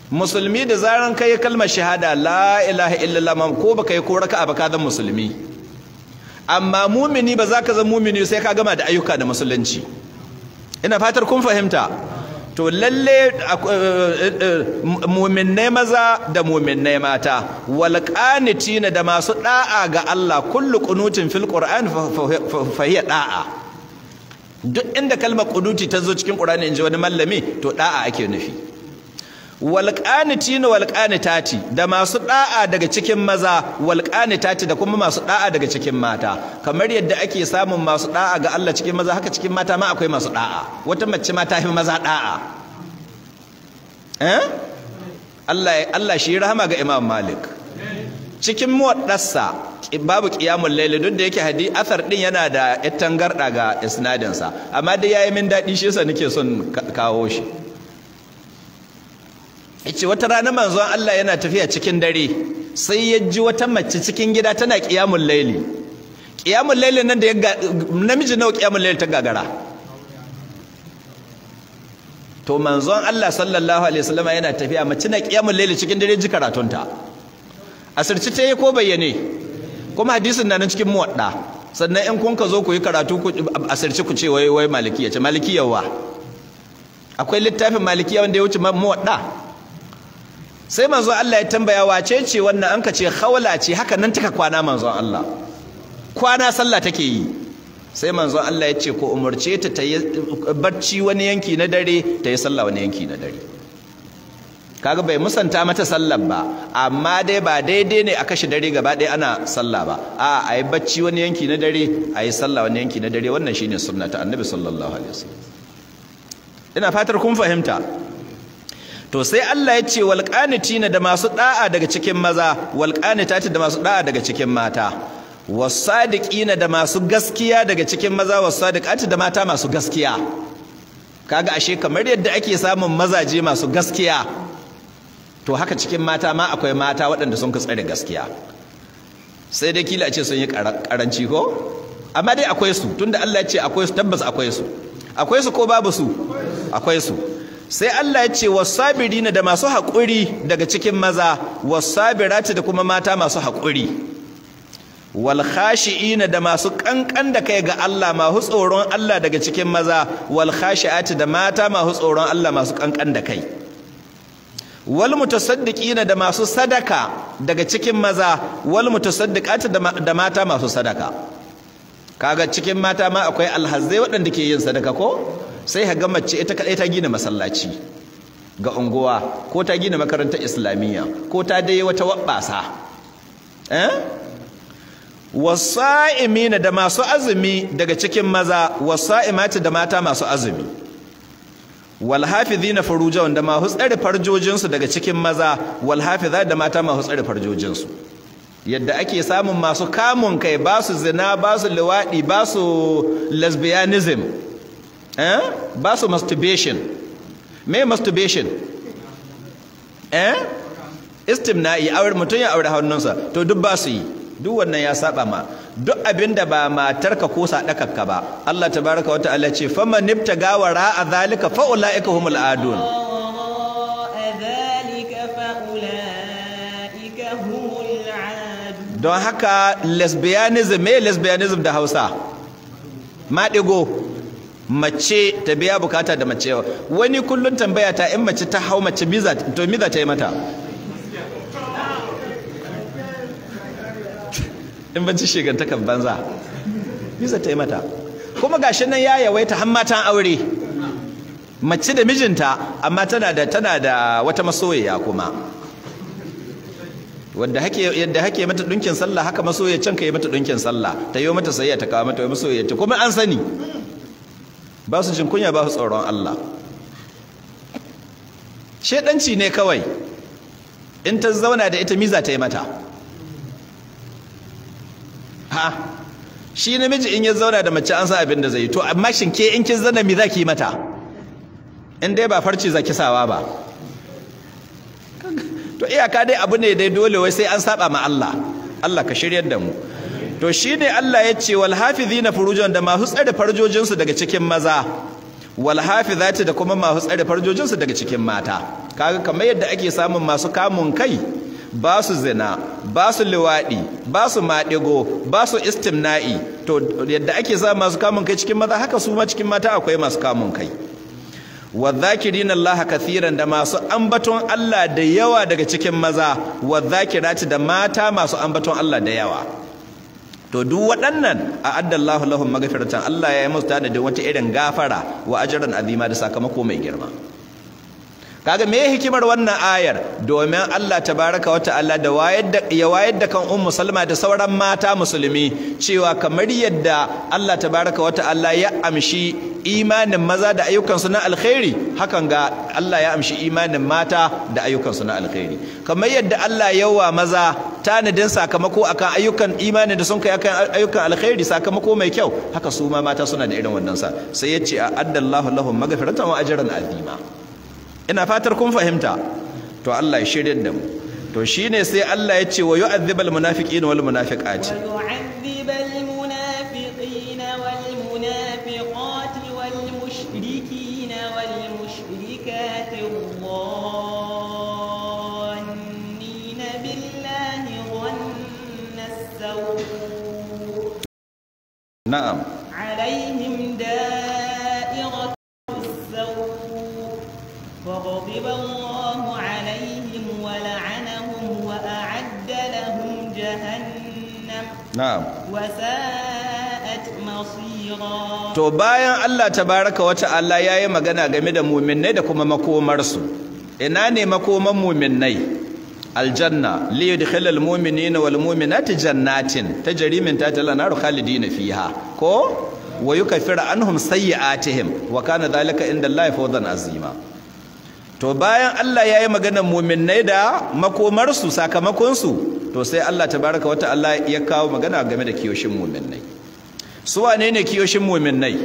musulmi da zaran kai kalmar shahada la ilaha illallah ma ko baka yi ko raka'a ba ka zama musulmi amma mu'mini ba za ka zama mu'mini sai ka gama da ayyuka da musulunci ina fatar kun fahimta to lalle muminai maza da muminai mata wal qanitina da masu da'a ga Allah kullu qunutin fil qur'an fa hiya da'a duk inda kalmar qunuti ta zo cikin qur'ani inji wani mallami to da'a ake nufi walqanitina walqanitati da masu ɗa'a daga cikin maza walqanitati da kuma masu da'a daga cikin mata kamar yadda ake samun masu da'a ga Allah cikin maza haka cikin mata ma akwai masu da'a wata mace ma ta fi maza da'a eh Allah Allah shi rahama ga Imam Malik cikin muwaddarsa babu ƙiyamun laili duk da yake hadi athar din yana da itan-garɗa ga isnadinsa amma dai yayi min daɗi shi yasa nake son kawo shi yace wata rana manzon Allah yana tafiya cikin dare sai ya ji wata mace cikin gida tana qiyamul layli qiyamul layli nan da namiji nawa qiyamul layli ta gagara to manzon Allah sallallahu alaihi wasallam yana tafiya mace na qiyamul layli cikin dare ji karatunta asirci ta yi ko bayyane kuma hadisin na nan cikin muwadda sannan in kun ka zo ku yi karatu ku asirci ku ce wai wai ya ce yawa akwai littafin maliki wanda ya wuce muwadda sai manzo Allah ya tambaya wace ce wannan an ce khawla ce haka nan take kwana manzo Allah kwana sallah take yi sai manzo Allah ya ce ko umarce ta ta barci wani yanki na dare ta yi sallah wani yanki na dare kaga bai musanta mata sallar ba amma dai ba daidai ne a kashe dare gaba ɗaya ana sallah ba a a yi bacci wani yanki na dare a yi sallah wani yanki na dare wannan shine sunna ta annabi sallallahu alaihi wasallam ina fatar kun fahimta to sai Allah ya ce wal na da masu da'a daga cikin maza wal ta da masu da'a daga cikin mata wasadiqina da masu gaskiya daga cikin maza wasadiqati da mata masu gaskiya kaga ashe kamar yadda ake samun mazaje masu gaskiya to haka cikin mata ma akwai mata waɗanda sun tsare gaskiya sai dai kila ce sun yi karanci ko amma dai akwai su tunda Allah ya ce akwai su tabbas akwai su akwai su ko babu su akwai su sai Allah ya ce wasabirina da masu haƙuri daga cikin maza wasabirati da kuma mata masu haƙuri wal da masu ƙanƙan da kai ga Allah masu tsoron Allah daga cikin maza walhashi'ati da mata masu tsoron Allah masu ƙanƙan da kai wal mutasaddiqina da masu sadaka daga cikin maza wal mutasaddiqati da mata masu sadaka kaga cikin mata ma akwai alhazzai waɗanda ke yin sadaka ko sai ka ga mace ita kadai ta gina masallaci ga unguwa ko ta gina makarantar islamiyya ko ta dai wata wabbasa eh wasa'imina da masu azumi daga cikin maza wasa'imati da mata masu azumi wal hafizina furujawan da masu tsare farjojinsu daga cikin maza wal hafiza da mata masu tsare farjojinsu yadda ake samun masu kamun kai ba su zina ba su basu ba su lesbianism eh ba su masturbation me masturbation eh istimna'i aure mutum ya aure hannunsa to duk ba su yi duk wannan ya saba ma duk abinda ba matarka ko sadakarka ba Allah tabaaraka wa ta'ala ce faman ibtaga wara a zalika fa ulaika humul adun don haka lesbianism me lesbianism da Hausa maɗigo mace ta biya bukata da mace wani kullun tambaya ta in mace ta hau mace miza to miza ta yi mata in ban shiganta kan banza miza ta yi mata kuma gashi nan ya yawaita ta matan aure mace da mijinta amma tana da tana da wata masoyiya kuma wanda hake yadda hake mata dunkin sallah haka masoyiyar can ka yi mata dunkin sallah ta yi mata sayyata ta kawo mata masoyiyar ta kuma an sani ba su jin kunya ba su tsoron Allah shedanci ne kawai in ta zauna da ita miza ta yi mata ha shi namiji in ya zauna da mace an san abin da zai yi to amma shin ke in kin zana mi yi mata in dai ba farci ki sawa ba to iyaka dai abu ne dai dole wai sai an saba ma Allah Allah ka shiryar da mu to shi ne Allah ya ce wal hafizina furujan da masu tsare farjojinsu daga cikin maza wal hafizati da kuma masu tsare farjojinsu daga cikin mata kaga kamar yadda ake samun masu kamun kai ba su zina ba su liwaɗi ba su maɗigo ba su istimna'i to yadda ake samun masu kamun kai cikin maza haka su ma cikin mata akwai masu kamun kai wadhakirin Allah kathiran da masu ambaton Allah da yawa daga cikin maza wadhakirati da mata masu ambaton Allah da yawa to duk waɗannan a addallahu lahum magfiratan Allah ya yi musu tanadin wata irin gafara wa ajran azima da sakamako mai girma kaga me hikimar wannan ayar domin Allah tabaraka wa ta'ala da wayar da ya wayar da kan ummu salma da sauran mata musulmi cewa kamar yadda Allah tabaraka wa ta'ala ya amshi imanin maza da ayyukan su na alkhairi hakan ga Allah ya amshi imanin mata da ayyukan su na alkhairi kamar yadda Allah yawa maza tanadin sakamako akan ayyukan imanin da sun kai akan ayyukan alkhairi sakamako mai kyau haka su ma mata suna da irin wannan sa sai yace a addallahu lahum maghfiratan wa ajran azima ina fatar kun fahimta to Allah ya shirya da mu to shine sai Allah ya ce wa yu'adhibal munafiqina wal munafiqati Na'am. Alayhi na'am wasa'at masira to bayan Allah tabaraka Allah ya yayi magana game da mu'minnai da kuma makomarsu ina ne makoman mu'minnai aljanna li yudkhil almu'minina walmu'minati jannatin tajri min tahtiha al-anharu khalidina fiha ko wa yukaffir anhum sayi'atihim wa kana dhalika inda Allah fawzan azima to bayan Allah yayi maganar mu'minnai da makomarsu sakamakonsu to sai Allah baraka wata Allah ya kawo magana game da kiyoshin mu'minnai su wane ne kiyoshin mu'minnai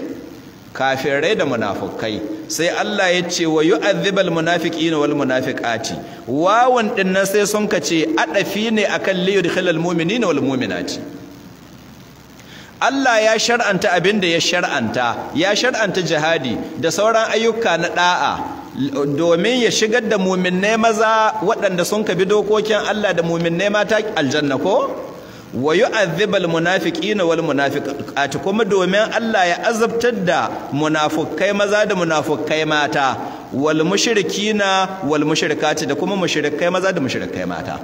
kafirai da munafukai sai Allah ya ce wa yu'adhibal munafiqina wal munafiqati wawan din nan sai sun kace adafi ne akan li mumini mu'minina wal mu'minati Allah ya shar'anta abin da ya shar'anta ya shar'anta jihadi da sauran ayyuka na ɗa'a. domin ya shigar da muminai maza waɗanda sun bi dokokin Allah da muminai mata aljanna ko wa yu'adhibal munafiqina wal munafiqati kuma domin Allah ya azabtar da munafukai maza da munafukai mata wal mushrikina wal mushrikati da kuma mushrikai maza da mushrikai mata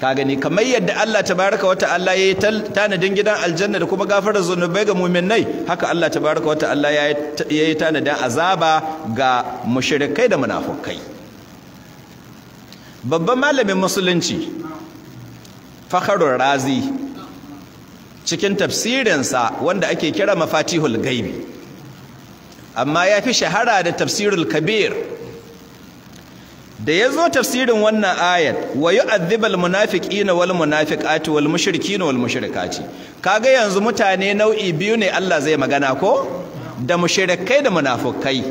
ka gani kamar yadda Allah baraka wata ta'ala ya yi tanadin gidan aljanna da kuma gafarar zunubai ga muminai haka Allah tabaraka wa ta'ala ya yi tanadin azaba ga mushrikai da munafukai babban malamin musulunci fakharur razi cikin tafsirinsa wanda ake kira mafatihul gaibi amma ya fi shahara da tafsirul kabir da ya zo tafsirin wannan ayat wa yu'adhibal munafiqina wal munafiqati wal mushrikina wal mushrikati kaga yanzu mutane nau'i biyu ne Allah zai magana ko da mushrikai da munafukai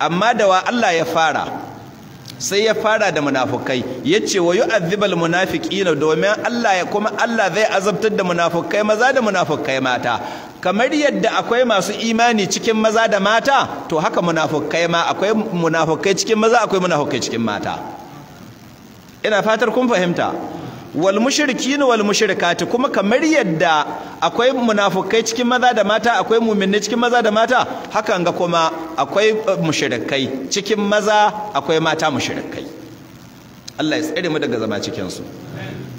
amma da wa Allah ya fara sai ya fara da munafukai ya ce wa yi yu'adhibal na domin Allah ya kuma Allah zai azabtar da munafukai maza da munafukai mata kamar yadda akwai masu imani cikin maza da mata to haka munafukai ma akwai munafukai cikin maza akwai munafukai cikin mata ina fatar kun fahimta wal mushrikin wal mushrikati kuma kamar yadda akwai munafukai cikin maza da mata akwai mu'minni cikin maza da mata hakan ga kuma akwai eh, mushrikai cikin maza akwai mata mushrikai Allah ya tsare mu daga zama cikin su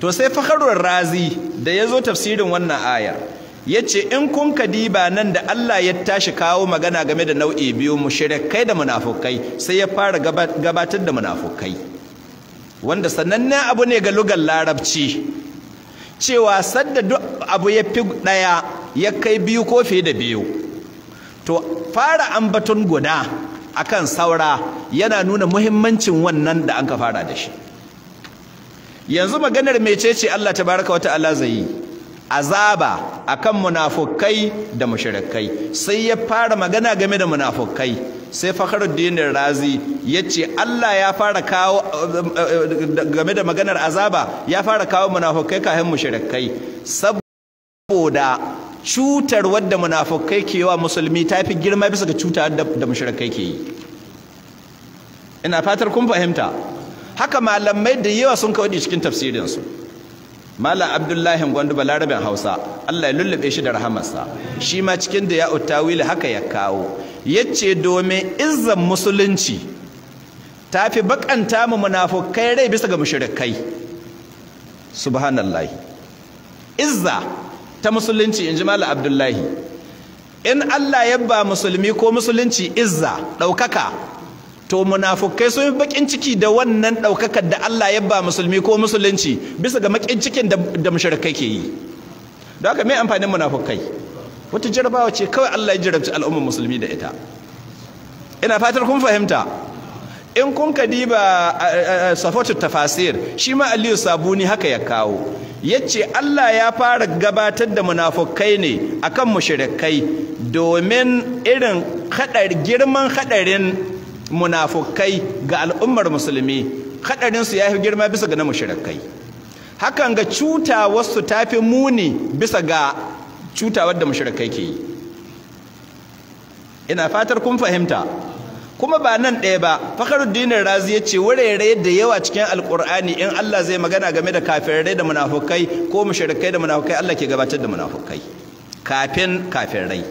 to sai fakharul razi da yazo tafsirin wannan aya yace in kun kadiba nan da Allah ya tashi kawo magana game da nau'i biyu mushrikai da munafukai sai ya fara gabatar da munafukai wanda sanannen abu ne ga lugar larabci cewa sadda duk abu ya fi ɗaya ya kai biyu ko fiye da biyu to fara ambaton guda akan saura yana nuna muhimmancin wannan da an ka fara da shi yanzu maganar mecece Allah ta wata Allah zai yi azaba akan munafukai da mushrikai sai ya fara magana game da munafukai sai fakhruddin razi ce Allah ya fara kawo game da maganar azaba ya fara kawo munafukai kahin mushrikai saboda cutar wadda munafukai ke wa musulmi ta fi girma bisa ga cutar da mushrikai ke yi ina fatar kun fahimta haka malamai da yawa sun kawo cikin tafsirinsu malam abdullahi gwandu balarabin hausa allah ya lullube shi da rahamarsa shi ma cikin da ya tawili haka ya kawo yace domin izzan musulunci ta fi bakanta mu munafukai rai bisa ga mushrikai subhanallahi izza ta musulunci in jimala abdullahi in Allah ya ba musulmi ko musulunci izza daukaka to munafukai sun yi bakin ciki da wannan daukakar da Allah ya ba musulmi ko musulunci bisa ga makin cikin da mushrikai ke yi don haka me amfanin munafukai wata jarabawa ce kawai Allah ya jarabci al'ummar musulmi da ita ina fatar kun fahimta in kun ka diba safatu tafasir shi ma Aliyu Sabuni haka ya kawo yace Allah ya fara gabatar da munafukai ne akan mushrikai domin irin girman hadarin munafukai ga al'ummar musulmi hadarin su yafi girma bisa ga na mushrikai hakan ga cuta wasu tafi muni bisa ga cutawar da mushrikai ke yi ina fatar kun fahimta kuma ba nan ɗaya ba fakhruddin razi ce wurare da yawa cikin alkur'ani in Allah zai magana game da kafirai da munafukai ko mushrikai da munafukai Allah ke gabatar da munafukai kafin kafirai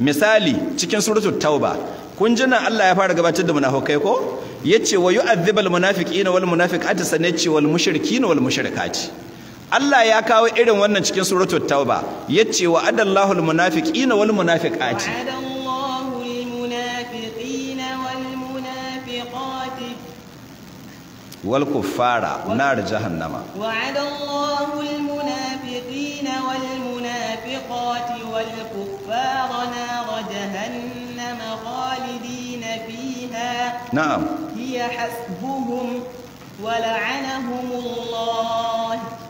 misali cikin suratul tauba kun ji nan Allah ya fara gabatar da munafukai ko Ya ce wa yu'adhibul munafiqina wal munafiqati sanace wal mushrikina wal mushrikati Allah ya kawo irin wannan cikin suratul tauba ya ce wa adallahu almunafiqina wal munafiqati wal kuffara nar jahannama wa'adallahu almunafiqina wal munafiqati wal kuffara nar jahannama khalidina fiha na'am hiya hasbuhum wa la'anahumullah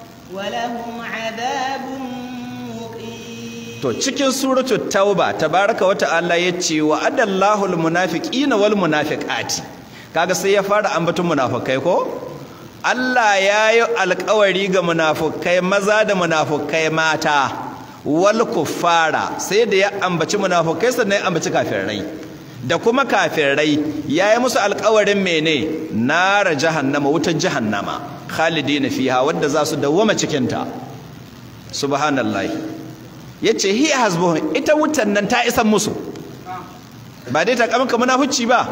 to cikin suratu tauba tabaraka wa ta'ala ce wa adallahu almunafiqina wal munafiqati kaga sai ya fara ambaton munafikai ko Allah ya yi alkawari ga munafukai maza da munafukai mata wal kuffara sai da ya ambaci munafukai sannan ya ambaci kafirai da kuma kafirai ya yi musu alkawarin mene nara jahannama wutar jahannama khalidina fiha wadda za su dawwama cikin ta subhanallahi yace hi hasbuhum ita wutan nan ta isan musu ba dai ta na munafici ba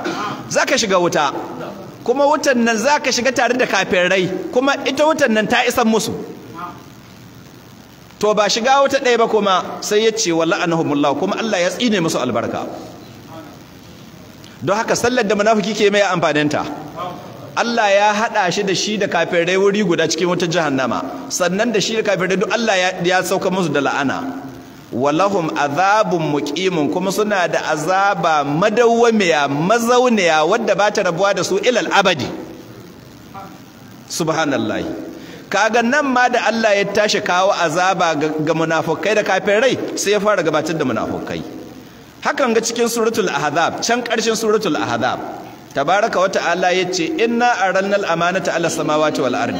zaka shiga wuta kuma wutan nan zaka shiga tare da kafirai kuma ita wutan nan ta isan musu to ba shiga wuta ɗaya ba kuma sai ya ce walla kuma Allah ya tsine musu albarka don haka sallar da munafiki ke mai amfaninta Allah ya haɗa shi da shi da kafirai wuri guda cikin wata jahannama sannan da shi da kafirai duk Allah ya sauka musu da la'ana walahum azabun muqimun kuma suna da azaba madawwamiya mazauniya wadda ba ta rabuwa da su ilal abadi subhanallah kaga nan ma da Allah ya tashi kawo azaba ga munafukai da kafirai sai ya fara gabatar da munafukai hakan ga cikin suratul ahzab can karshen suratul ahzab تبارك وتعالى يتشي إنا أردنا الأمانة على السماوات والأرض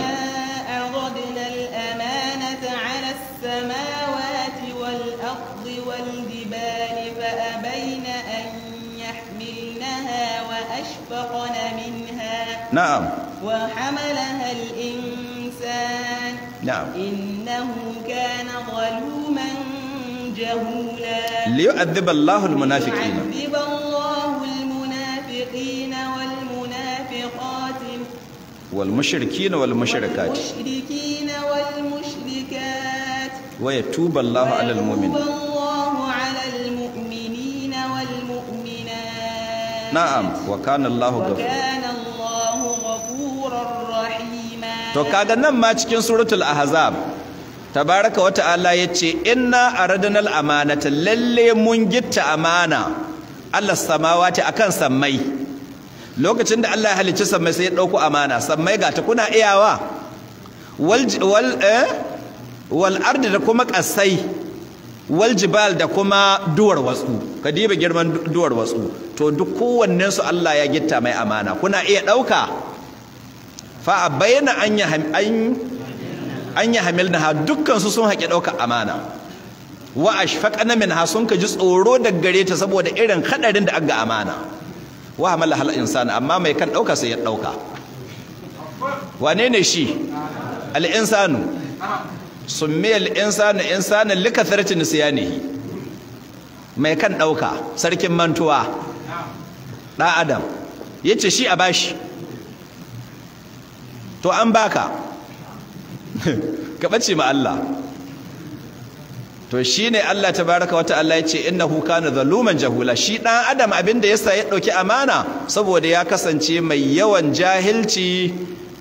نعم وحملها الإنسان نعم إنه كان ظلوما جهولا ليؤذب الله المنافقين ليؤذب الله والمنافقين والمنافقات والمشركين والمشركات والمشركين والمشركات ويتوب الله على المؤمنين الله على المؤمنين والمؤمنات نعم وكان الله غفورا to kaga nan ma cikin suratul ahzab tabaraka wa ta'ala yace inna aradnal amanata lalle mun gitta amana Allah samawati akan sammai lokacin da Allah ya halicci sammai sai ya dauko amana sammai ga ta kuna iyawa wal eh, wal ardi da kuma kasai wal jibal da kuma duwar watsu ka diba girman duwar wasu to duk kowannen Allah ya gitta mai amana kuna iya dauka fa bayyana an ya an ya hamilna dukkan su sun haƙi ɗauka amana wa ashfaqna minha sun ka ji tsoro da gare ta saboda irin hadarin da aka amana wa hamala hal insana amma mai kan dauka sai ya dauka wane ne shi al insanu summi al insanu insana likathrati nisyanihi mai kan dauka sarkin mantuwa da adam yace shi a bashi to an baka ka bace ma Allah to shi ne Allah ta baraka wata Allah ya ce innahu kana zaluman jahula shi ɗan adam abin da yasa ya ɗauki amana saboda ya kasance mai yawan jahilci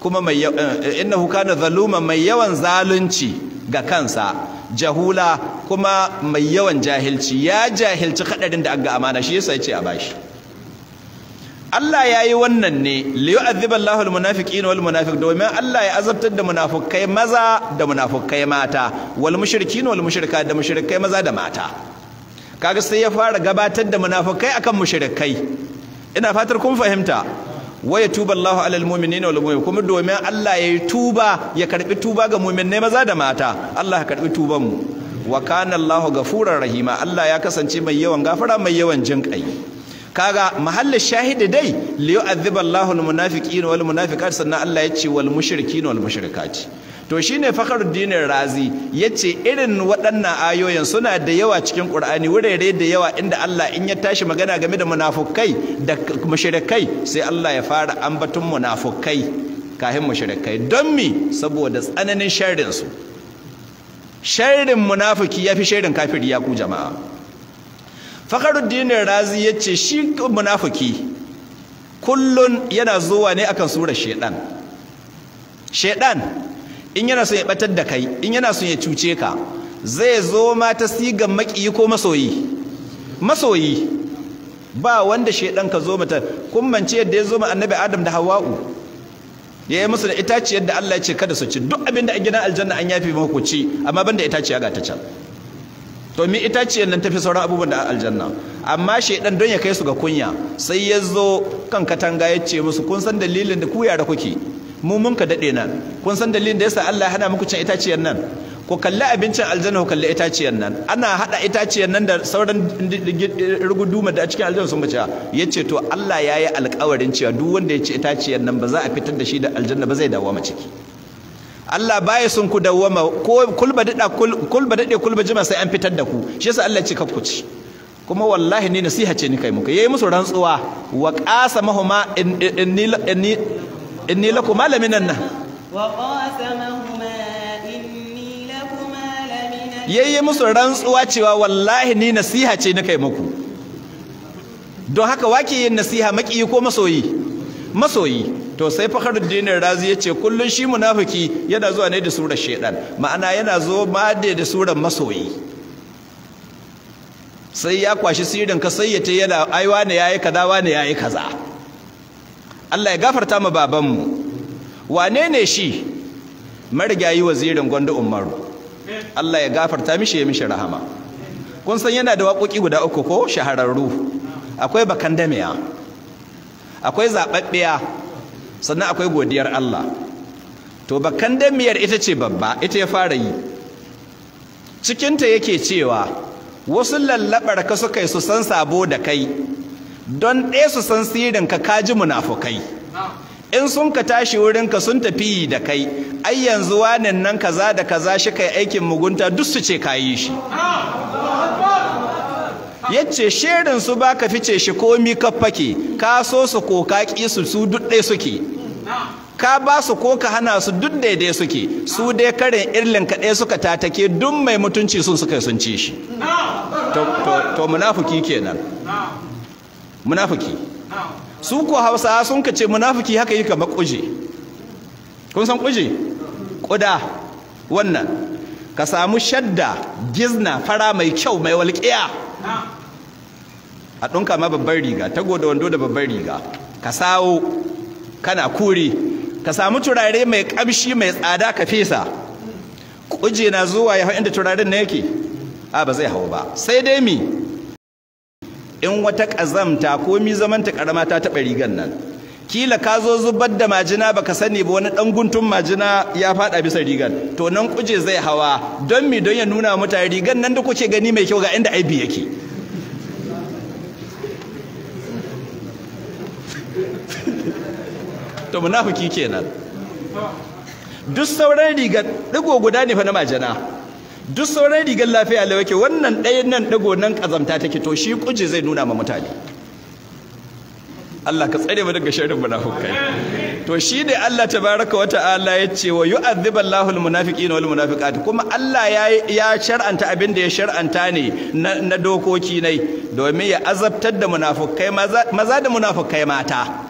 kuma mai eh, innahu kana zaluman mai yawan zalunci ga kansa jahula kuma mai yawan jahilci ya jahilci kadarin da ga amana shi yasa ya ce a bashi Allah ya yi wannan ne liyu'adhiba Allahu almunafiqin wal munafiq domin Allah ya azabtar da munafukai maza da munafukai mata wal na wal mushrika da mushirkai maza da mata kaga sai ya fara gabatar da munafukai akan mushirkai ina fatar kun fahimta wa ya tuba Allahu alal mu'minina wal mu'min kuma domin Allah ya yi tuba ya karbi tuba ga mu'minai maza da mata Allah ya karbi tuban mu wa kana Allahu gafurar rahima Allah ya kasance mai yawan gafara mai yawan jinƙai kaga mahallin shahidi dai li yu'adhiba Allahu al-munafiqin wal munafiqat sannan Allah ya ce wal mushrikin wal mushrikat to shine Fakhruddin Razi yace irin waɗannan ayoyin suna da yawa cikin Qur'ani wurare da yawa inda Allah in ya tashi magana game da munafukai da mushrikai sai Allah ya fara ambaton munafukai kahin mushrikai don mi saboda tsananin sharrin su sharrin munafiki yafi sharrin kafiri ya ku jama'a fakhruddin razi ya ce shi munafuki kullum yana zuwa ne akan surar shaiɗan. Shaiɗan in yana son ya batar da kai in yana son ya cuce ka zai zo ma ta sigan makiyi ko masoyi masoyi ba wanda shaidan ka zo mata kummance yadda ya zo ma annabi adam da hawa'u ya yi musu da itaciyar da Allah ya ce kada su ci duk abin da a gidan aljanna an yafi maku ci amma banda itaciya ga ta can domin itaciyar nan tafi sauran abubuwan da aljanna amma shaidan don ya kai su ga kunya sai ya zo kan katanga ya ce musu kun san dalilin da ku yara kuke mu mun ka daɗe nan kun san dalilin da yasa Allah ya hana muku cin itaciyar nan ku kalli abincin aljanna ku kalli itaciyar nan ana hada itaciyar nan da sauran ruguduma da a cikin aljanna sun bace ya ce to Allah ya yi alƙawarin cewa duk wanda ya ci itaciyar nan ba za a fitar da shi da aljanna ba zai dawo ciki Allah baya sun ku dawwama ko kulba dada kulba dade kulba jima sai an fitar da ku shi yasa Allah ya ce ku ci kuma wallahi ni nasiha ce ni kai muka yayi musu rantsuwa wa qasamahuma inni inni inni lakum laminan nan. wa qasamahuma inni lakuma laminan yayi musu rantsuwa cewa wallahi ni nasiha ce ni kai muku don haka wake yin nasiha maki ko masoyi masoyi to sai fakhruddin razi ce kullun shi munafiki yana zuwa ne da surar shedan ma'ana yana zo ma da surar masoyi sai ya kwashi sirrin ka sai yace yana aiwa ne yayi kaza wane yayi kaza Allah ya gafarta mu babanmu wane ne shi marigayi wazirin gwanda umaru Allah ya gafarta mishi ya mishi rahama kun san yana da waƙoƙi guda uku ko shahararru akwai bakandamiya akwai zaɓaɓɓiya sannan akwai godiyar Allah to bakan damiyar ita ce babba ita ya fara yi cikinta yake cewa wasu lallabar ka suka yi su san sabo da kai don ɗaya su san sirrin ka kaji munafukai in sun ka tashi wurin ka sun tafi yi da kai ai yanzu wanin nan kaza da kaza shi kai aikin mugunta duk su ce ka yi shi yace sherin su baka fice shi komi kaffake ka so su ko ka ki su su dudde suke ka ba su ko ka hana su duk daidai suke su dai karin irlin kaɗai suka tatake duk mai mutunci sun suka sun ci shi to munafuki kenan munafuki su ko hausa sun ka ce munafuki haka yi kamar kuje kun san kuje kuda wannan ka samu shadda gizna fara mai kyau mai walƙiya a ɗunka ma babbar riga tago da wando da babbar riga ka sawo kana kuri ka samu turare mai ƙamshi mai tsada ka fesa kuje na zuwa ya inda turaren na yake a ba zai hau ba sai dai mi in wata ƙazamta ko mi zamanta ƙarama ta taɓa rigan nan kila ka zo zubar da majina baka sani ba wani dan guntun majina ya faɗa bisa rigar to nan kuje zai hawa don mi don ya nuna mutane rigar nan da kuke gani mai kyau ga inda aibi yake to munafiki kenan duk sauran rigar digo guda ne fa na majana duk sauran rigar lafiya lawa wannan ɗayan nan digo nan kazamta take to shi kuji zai nuna ma mutane Allah ka tsare mu daga sharrin munafikai to shi ne Allah tabaraka wata'ala ya ce wa yu'adhibu Allahu al-munafiqina wal munafiqat kuma Allah ya ya shar'anta abin da ya shar'anta ne na dokoki ne domin ya azabtar da munafikai maza da munafikai mata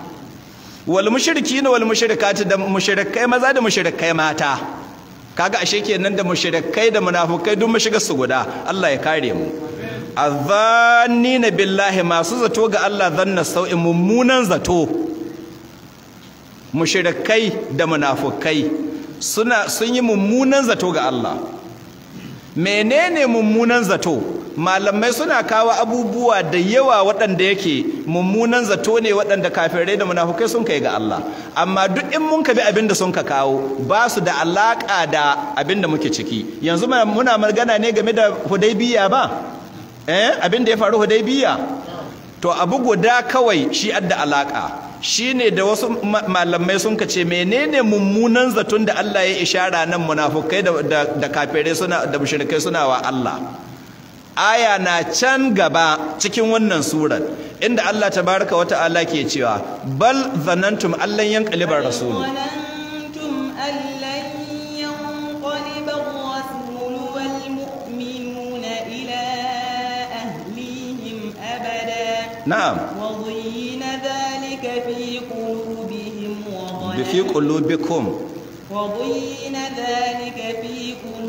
wal mushrikina wal mushrikati da mushrikai maza da mushrikai mata kaga ashe kenan da mushrikai da munafukai duk shiga su guda Allah ya kare mu na billahi masu zato ga Allah zanna sau'in mummunan zato mushrikai da munafukai suna sun yi mummunan zato ga Allah menene mummunan zato malamai suna kawo abubuwa da yawa waɗanda yake mummunan zato ne waɗanda kafirai da munafukai sun kai ga Allah amma duk in mun kabi abin da sun ka kawo ba su da alaƙa da abin da muke ciki yanzu muna magana ne game da hudaybiya ba eh abin da ya faru hudaybiya to abu guda kawai shi adda alaƙa shine da wasu malamai sun kace menene mummunan zaton da Allah ya ishara nan munafukai da kafirai suna da mushrikai suna wa Allah aya na can gaba cikin wannan surar inda Allah ta tabaraka wata ta'ala ke cewa bal zanantum allan yanqalibar rasulu na'am fi qulubikum wa fi qulubikum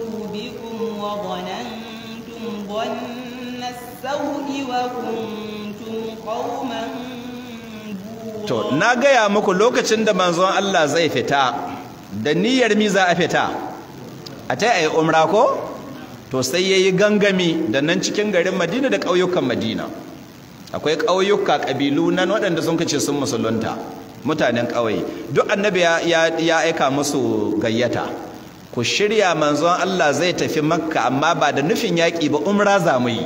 wa dhanantum ظن السوء وكنتم قوما to na gaya muku lokacin da manzon Allah zai fita da niyyar mi za a fita a ta yi umra ko to sai ya yi gangami da nan cikin garin Madina da ƙauyukan Madina akwai ƙauyuka ƙabilu nan waɗanda sun kace sun musulunta mutanen ƙauye duk annabi ya aika musu gayyata ku shirya manzon Allah zai tafi makka amma ba da nufin yaƙi ba umra za mu yi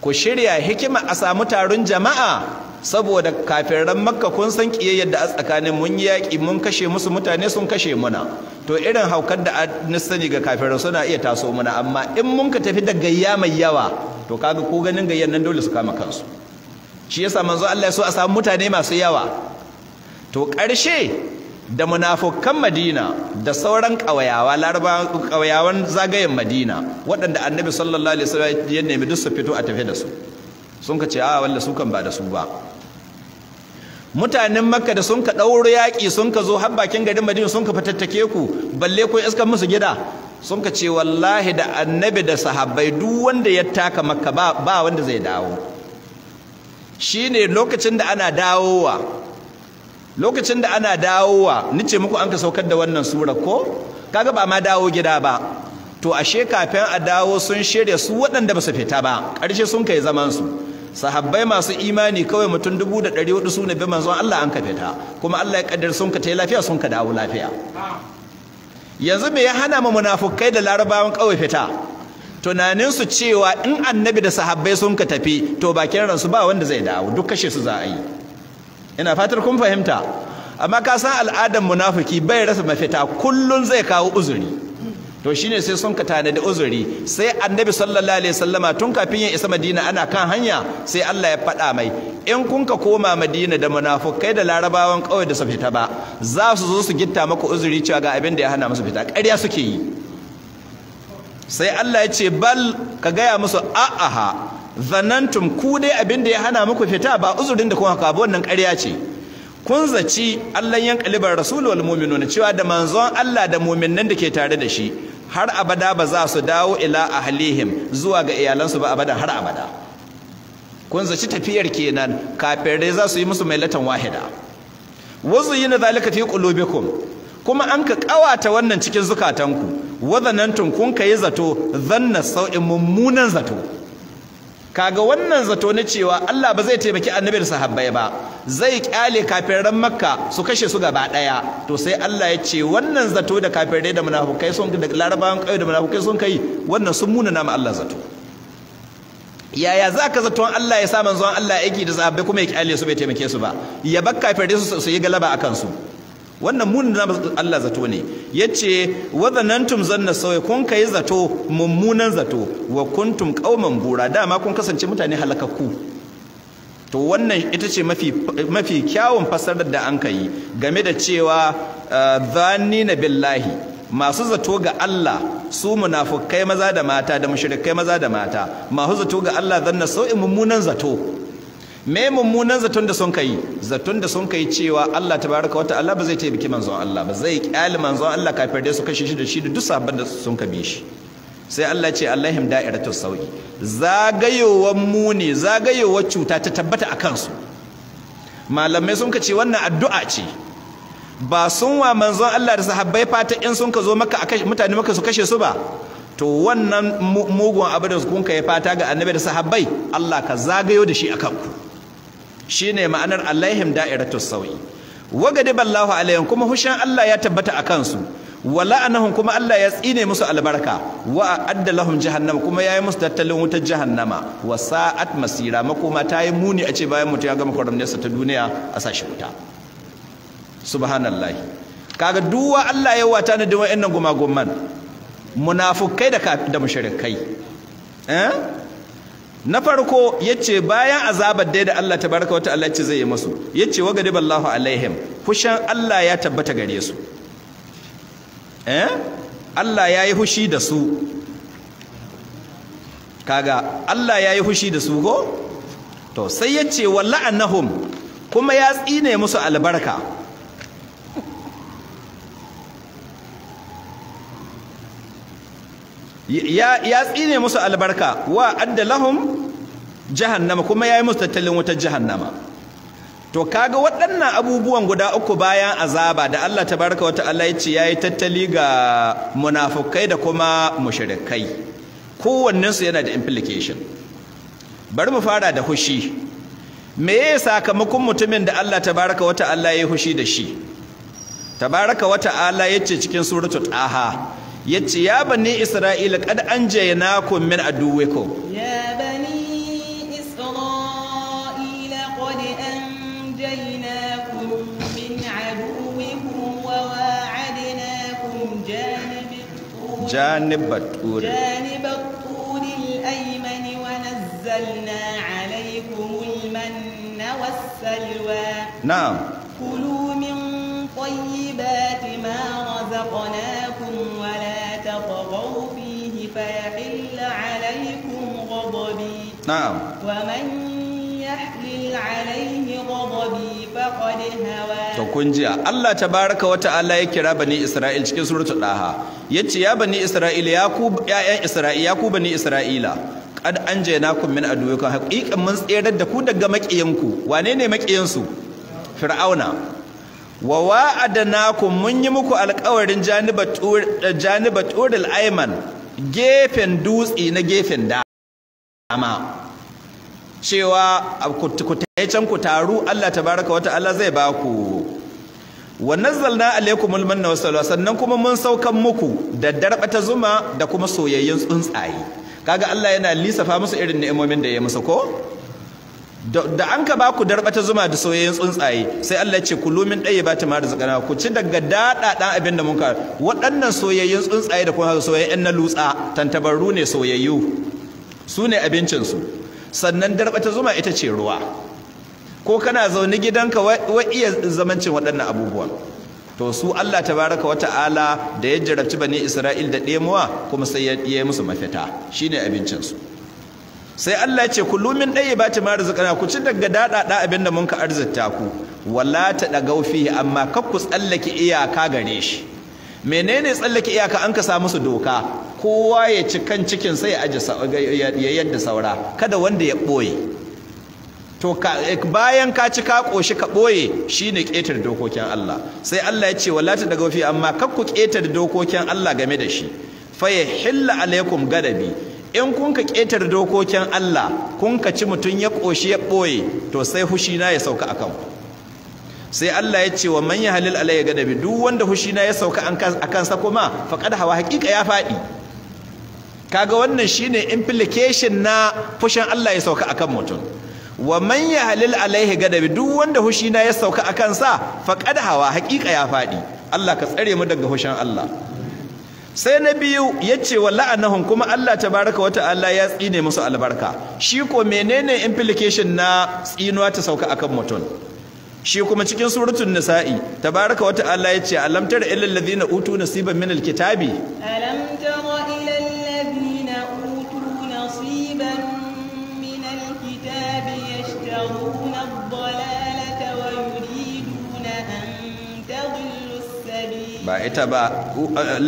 ku shirya hikima a samu taron jama'a saboda kafiran makka kun san kiyayyar da a tsakanin mun yi yaƙi mun kashe musu mutane sun kashe muna to irin haukar da na sani ga kafirai suna iya taso muna amma in mun ka tafi da gayya mai yawa to kaga ko ganin gayyan nan dole su kama kansu shi yasa manzo Allah ya so a samu mutane masu yawa to ƙarshe da munafukan Madina da sauran ƙawayawa laraba ƙawayawan zagayen Madina waɗanda annabi sallallahu alaihi wasallam ya nemi duk su fito a tafi da su sun ka ce a ah, walla su kan ba da su ba mutanen makka da sun ka ɗauro yaƙi sun ka zo har bakin garin madina sun ka fatattake ku balle kun iskan musu gida sun ka ce wallahi da annabi da sahabbai duk wanda ya taka makka ba wanda zai dawo shine lokacin da ana dawowa lokacin da ana dawowa nice muku an ka saukar da wannan sura ko kaga ba ma dawo gida ba to ashe kafin a dawo sun shirya su waɗanda ba su fita ba ƙarshe sun kai zaman su sahabbai masu imani kawai mutum dubu da ɗari hudu su ne bi manzon Allah an ka fita kuma Allah ya kaddar sun ka ta lafiya sun ka dawo lafiya yanzu me ya hana ma munafukai da larabawan kawai fita tunaninsu cewa in annabi da sahabbai sun ka tafi to bakin ransu ba wanda zai dawo duk kashe su za a yi ina fatar kun fahimta amma ka san al'adar munafiki bai rasa mafita kullum zai kawo uzuri to shine sai sun ka tanadi uzuri sai annabi sallallahu alaihi wasallama tun kafin ya isa madina ana kan hanya sai Allah ya faɗa mai in kun ka koma madina da munafukai da larabawan kawai da su fita ba za su zo su gitta maka uzuri cewa ga abin da ya hana musu fita ƙarya suke yi sai Allah ya ce bal ka gaya musu a'aha zanantum ku dai abin da ya hana muku fita ba uzurin da kuma haka ba wannan ƙarya ce kun zaci Allah yan kalibar rasulu wal mu'minuna cewa da manzon Allah da mu'minan da ke tare da shi har abada ba za su dawo ila ahlihim zuwa ga iyalansu ba abada har abada kun zaci tafiyar kenan kafirai za su yi musu mailatan wahida wazu yin zalika fi qulubikum kuma an ka kawata wannan cikin zukatanku wadanantum kun kai zato zanna sau'in mummunan zato kaga wannan zato na cewa Allah ba zai taimaki annabi da sahabbai ba zai kyale kafiran makka su kashe su gaba daya to sai Allah ya ce wannan zato da kafirai da munafukai sun da larabawan kai da munafukai sun kai wannan sun muna nama Allah zato yaya za ka Allah ya sa manzon Allah aiki da sahabbai kuma ya kyale su bai taimake su ba ya bakka kafirai su su yi galaba akan su wannan munin da Allah zato ne yace ce zanantum zanna sauya kun kai zato mummunan zato wa kuntum qauman bura dama kun kasance mutane halakakku to wannan ita ce mafi kyawun fasarar da an yi. game da cewa ah, na billahi masu zato ga Allah su munafukai maza da mata da mushrikai maza da mata masu zato ga Allah zanna sau'in mummunan zato me mummunan zaton da sun kai zaton da sun kai cewa Allah tabaraka wa ta'ala ba zai biki manzon Allah ba zai kyali manzon Allah kafir da su kashe shi da shi da duk sabon da sun kabe shi sai Allah ce Allahim da'iratus sauyi zagayowan mu ne zagayowar cuta ta tabbata a kansu malamai sun ce wannan addu'a ce ba sun wa manzon Allah da sahabbai fata in sun ka zo maka mutane maka su kashe su ba to wannan mugun abu da kun kai fata ga annabi da sahabbai Allah ka zagayo da shi a kanku shine ma'anar alaihim da'iratus sawi wagadi ballahu alaihim kuma hushan Allah ya tabbata a kansu wala anahum kuma Allah ya tsine musu albarka wa adda lahum jahannama kuma ya yi musu tattalin wutar jahannama wa sa'at masira makoma ta yi muni a ce bayan mutum ya gama kwaramnesa ta duniya a sashi wuta subhanallahi kaga duwa Allah ya wata na duwa wa'annan gumagumman munafukai da da mushrikai eh na farko ya ce bayan azabar dai da Allah tabaraka wata Allah ce zai yi masu ce wa gadiballahu alaihim fushan Allah ya tabbata gare su eh Allah ya yi hushi da su kaga Allah ya yi hushi da su go to sai ya ce, wa walla'annahum kuma ya tsine musu albarka ya tsine musu albarka wa adda lahum jahannama kuma yayi musu tattalin wutar jahannama to kaga waɗannan abubuwan guda uku bayan azaba da Allah tabaraka wa ta'ala ya ce yayi tattali ga munafukai da kuma mushirikai. Kowanninsu yana da implication bari mu fara da hushi me ya sakamakon mutumin da Allah tabaraka wa ta'ala ya hushi da shi tabaraka wa ta'ala ce cikin suratu aha yace ya bani isra'ila qad anjaynakum min aduwikum ya bani isra'ila qad anjaynakum min aduwikum wa wa'adnakum janib at-tur janib at-tur al-ayman wa nazzalna na'am طيبات ما رزقناكم ولا تطغوا فيه فيحل عليكم غضبي نعم ومن يحلل عليه غضبي فقد هوى to kun jiya, Allah ta baraka wa ta'ala ya kira bani Isra'il cikin suratul Daha yace ya bani Isra'il ya ku ya'yan Isra'il ya ku bani Isra'ila qad anjaynakum min aduwikum haqiqan mun tserar da ku daga maƙiyanku wane ne maƙiyansu fir'auna wa wa'adnakum mun yi muku alƙawarin janibat tur aiman ayman gefen dutsi na gefen dama cewa ku can ku taru Allah tabaraka wata Allah zai ba ku wa nazzalna na manna wasalwa sannan kuma mun saukan muku da ta zuma da kuma soyayyen tsuntsaye kaga Allah yana lissafa musu irin ni'imomin da ya musu ko da an ka ba baku darbata zuma da soyayyen tsuntsaye sai Allah ya ce ba ta dayyibati ma zakana ku ci daga daɗaɗan ɗan abin da muka waɗannan soyayyen tsuntsaye da kuma soyayyen na lutsa tantabaru ne soyayyu su ne abincin su sannan darbata zuma ita ce ruwa ko kana zaune gidanka wai iya zamancin waɗannan abubuwa. to su Allah tabaraka wa ta'ala da ya jarabci bani Isra'il da ɗemuwa kuma sai ya yi musu mafita shine abincin su sai Allah ya ce ɗaya ba dayyibati ma arzikana ku ci daga daɗaɗa abinda mun ka arzikta ku wala ta ɗaga fihi amma kar ku tsallake iyaka gare shi menene tsallake iyaka an ka sa musu doka kowa ya ci kan cikin sai ya ya yadda saura kada wanda ya ɓoye. to bayan ka ci ka ƙoshi ka boye shine ƙetare dokokin Allah sai Allah ya ce wala ta ɗaga fihi amma kar ku ketar dokokin Allah game da shi fa ya hilla alaikum gadabi in kun ka ƙetare dokokin Allah kun ka ci mutum ya ƙoshi ya ɓoye to sai hushina ya sauka a kanku sai Allah ya ce wa man yahlil alayya gadabi duk wanda hushina ya sauka a kansa kuma faqad hawa haƙiƙa ya faɗi kaga wannan shine implication na fushin Allah ya sauka akan mutum wa man yahlil alayhi gadabi duk wanda hushina ya sauka a kansa faqad hawa haƙiƙa ya faɗi Allah ka tsare mu daga hushin Allah sai na biyu ya ce wa la'anahun kuma Allah ta tabaraka wata allah ya tsine musu albarka shi ko menene implication na tsinuwa ta sauka a kan mutum shi kuma cikin suratun nisa'i tabaraka wata allah ya ce alam tara ilal ladina utu nasiban min alkitabi alam tara ba ita ba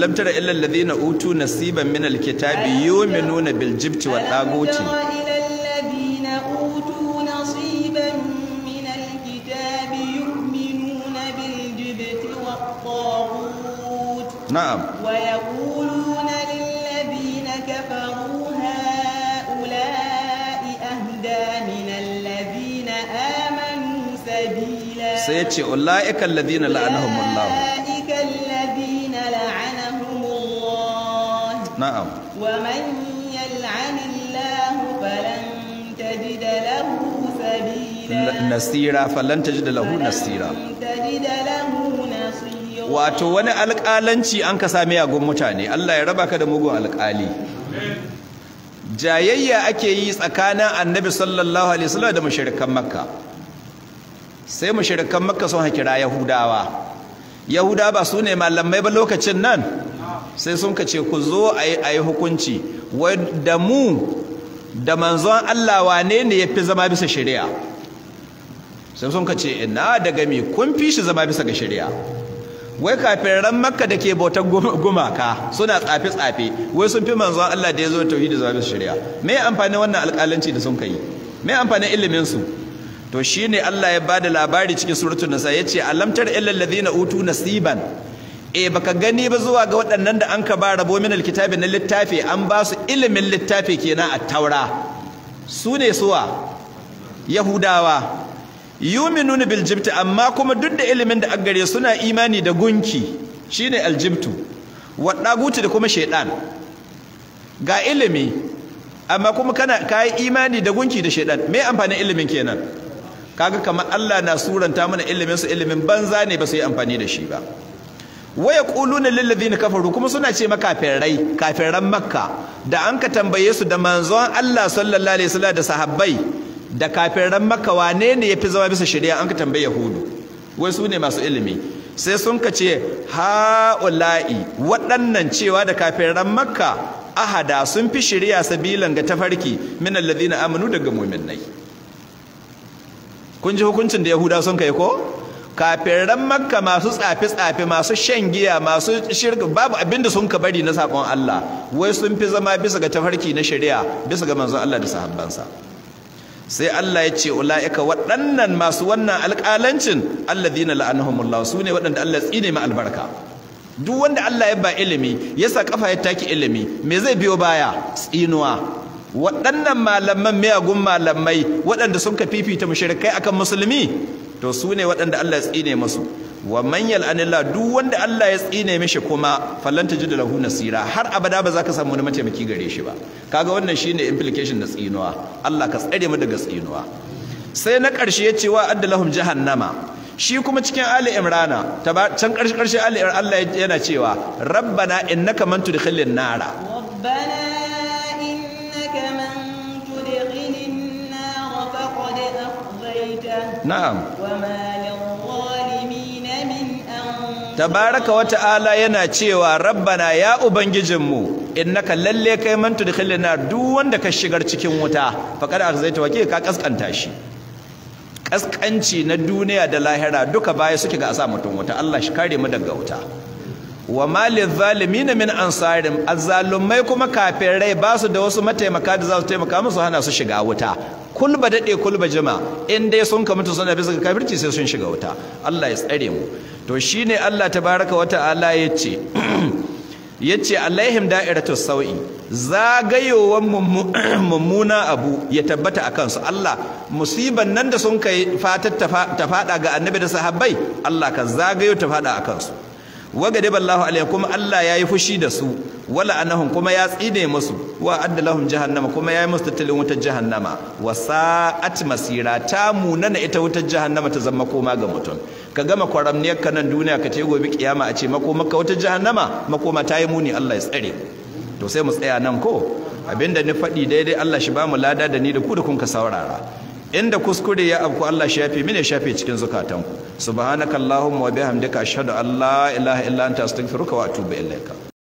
lam tara illal ladina utu nasiban min alkitabi yu'minuna bil jibti wal daguti نعم ويقولون للذين كفروا هؤلاء أهدى من الذين آمنوا سبيلا سيأتي أولئك الذين لعنهم الله nasira falan tajid lahu nasira wato wani alƙalanci an ka same yagun mutane Allah ya raba ka da mugun alƙali jayayya ake yi tsakanin annabi sallallahu alaihi wasallam da mushrikan makka sai mushrikan makka sun hakira yahudawa yahuda ba su ne malamai ba lokacin nan sai sun ka ce ku zo a yi hukunci da mu da manzon Allah wane ne ya fi zama bisa shari'a sai sun ka ce ina da gami kun fi shi zama bisa ga shirya? wai kafin ran makka da ke bautar gumaka suna tsafe-tsafe wai sun fi manzon Allah da ya zo tauhidi zama bisa shari'a me amfanin wannan alƙalanci da sun kai me amfanin ilimin su to shine Allah ya bada labari cikin suratul nisa yace alamtar illal ladina utu nasiban eh baka gani ba zuwa ga waɗannan da an ka ba rabo min alkitabi na littafi an ba su ilimin littafi kenan a taura su ne suwa yahudawa yuminuna nuna biljibti amma kuma duk da ilimin da aggare suna imani da gunki shine aljibtu wadaguti da kuma shaidan ga ilimi amma kuma kana kai imani da gunki da shaiɗan. me amfanin ilimin kenan kaga kamar Allah na suranta mana ilimin su ilimin banza ne ba su yi amfani da shi ba waya quluna lil ladina kafaru kuma suna ce makafirai kafiran makka da an ka tambaye su da manzon Allah sallallahu alaihi wasallam da sahabbai da kafiran makka wane ne fi zama bisa shari'a an ka tambayi yahudu wai su ne masu ilimi sai sun ka ce ha'ula'i waɗannan cewa da kafiran maka, ahada sun fi shari'a sabilan ga tafarki min alladhina amanu daga mu'minai kun ji hukuncin da yahuda sun kai ko kafiran makka masu tsafi-tsafi, masu shan giya masu shirka babu abin da sun ka bari na sakon Allah wai sun fi zama bisa ga tafarki na shari'a bisa ga manzon Allah da sahabbansa sai Allah ya ce ulaika waɗannan masu wannan alƙalancin alladhina la'anahumullah su ne waɗanda Allah tsine ma albarka duk wanda Allah ya ba ilimi ya sa kafa ya taki ilimi me zai biyo baya tsinuwa waɗannan malaman miyagun malamai waɗanda sun ka fifita mushrikai akan musulmi to su ne waɗanda Allah ya tsine masu wa manyan yal'anillah duk wanda Allah ya tsine mishi kuma fallanta jidda lahu nasira har abada ba za ka samu wani mataimaki gare shi ba kaga wannan shine implication na tsinuwa Allah ka tsare mu daga tsinuwa sai na ƙarshe ya ce wa addalahum jahannama shi kuma cikin ali imrana can ƙarshe ƙarshe ali Allah yana cewa rabbana innaka man tudkhilin nara rabbana innaka nara faqad na'am tabaraka wa ta'ala yana cewa rabbana ya ubangijinmu innaka lalle kai man da nar duk wanda ka shigar cikin wuta faqad akhzaita wa ka kaskanta shi kaskanci na duniya da lahira duka baya suke ga asa mutum wuta Allah shi kare mu daga wuta wa malil zalimin min ansarin azzalumai kuma kafirai ba su da wasu mataimaka da za su taimaka musu hana su shiga wuta Kulba daɗe kulba jima in dai sun ka mutu suna bisa ga kafirci sai sun shiga wuta Allah ya tsare mu to shine Allah tabaraka wa ta'ala ya yace alaihim da'iratus sau'i zagayowan mummuna abu ya tabbata a kansu Allah musiban nan da sun kai fatar ta fada ga annabi da sahabbai Allah ka zagayo ta fada a kansu wagadiballahu alaikum Allah yayi fushi da su wala annahum kuma ya tsine musu wa addalahum jahannama kuma ya yi musu tattalin wutar jahannama wa sa'at masira ta munana ita wutar jahannama ta zama koma ga mutum ka gama kwaramniyar ka nan duniya ka ce gobe kiyama a ce makoma ka wutar jahannama makoma ta yi muni Allah ya tsare to sai mu tsaya nan ko abinda ni faɗi daidai Allah shi ba mu lada da ni da ku da kun ka saurara inda kuskure ya abku Allah shi yafi mine shafe cikin zukatanku subhanakallahumma wa bihamdika ashhadu an la ilaha illa anta astaghfiruka wa atubu ilaika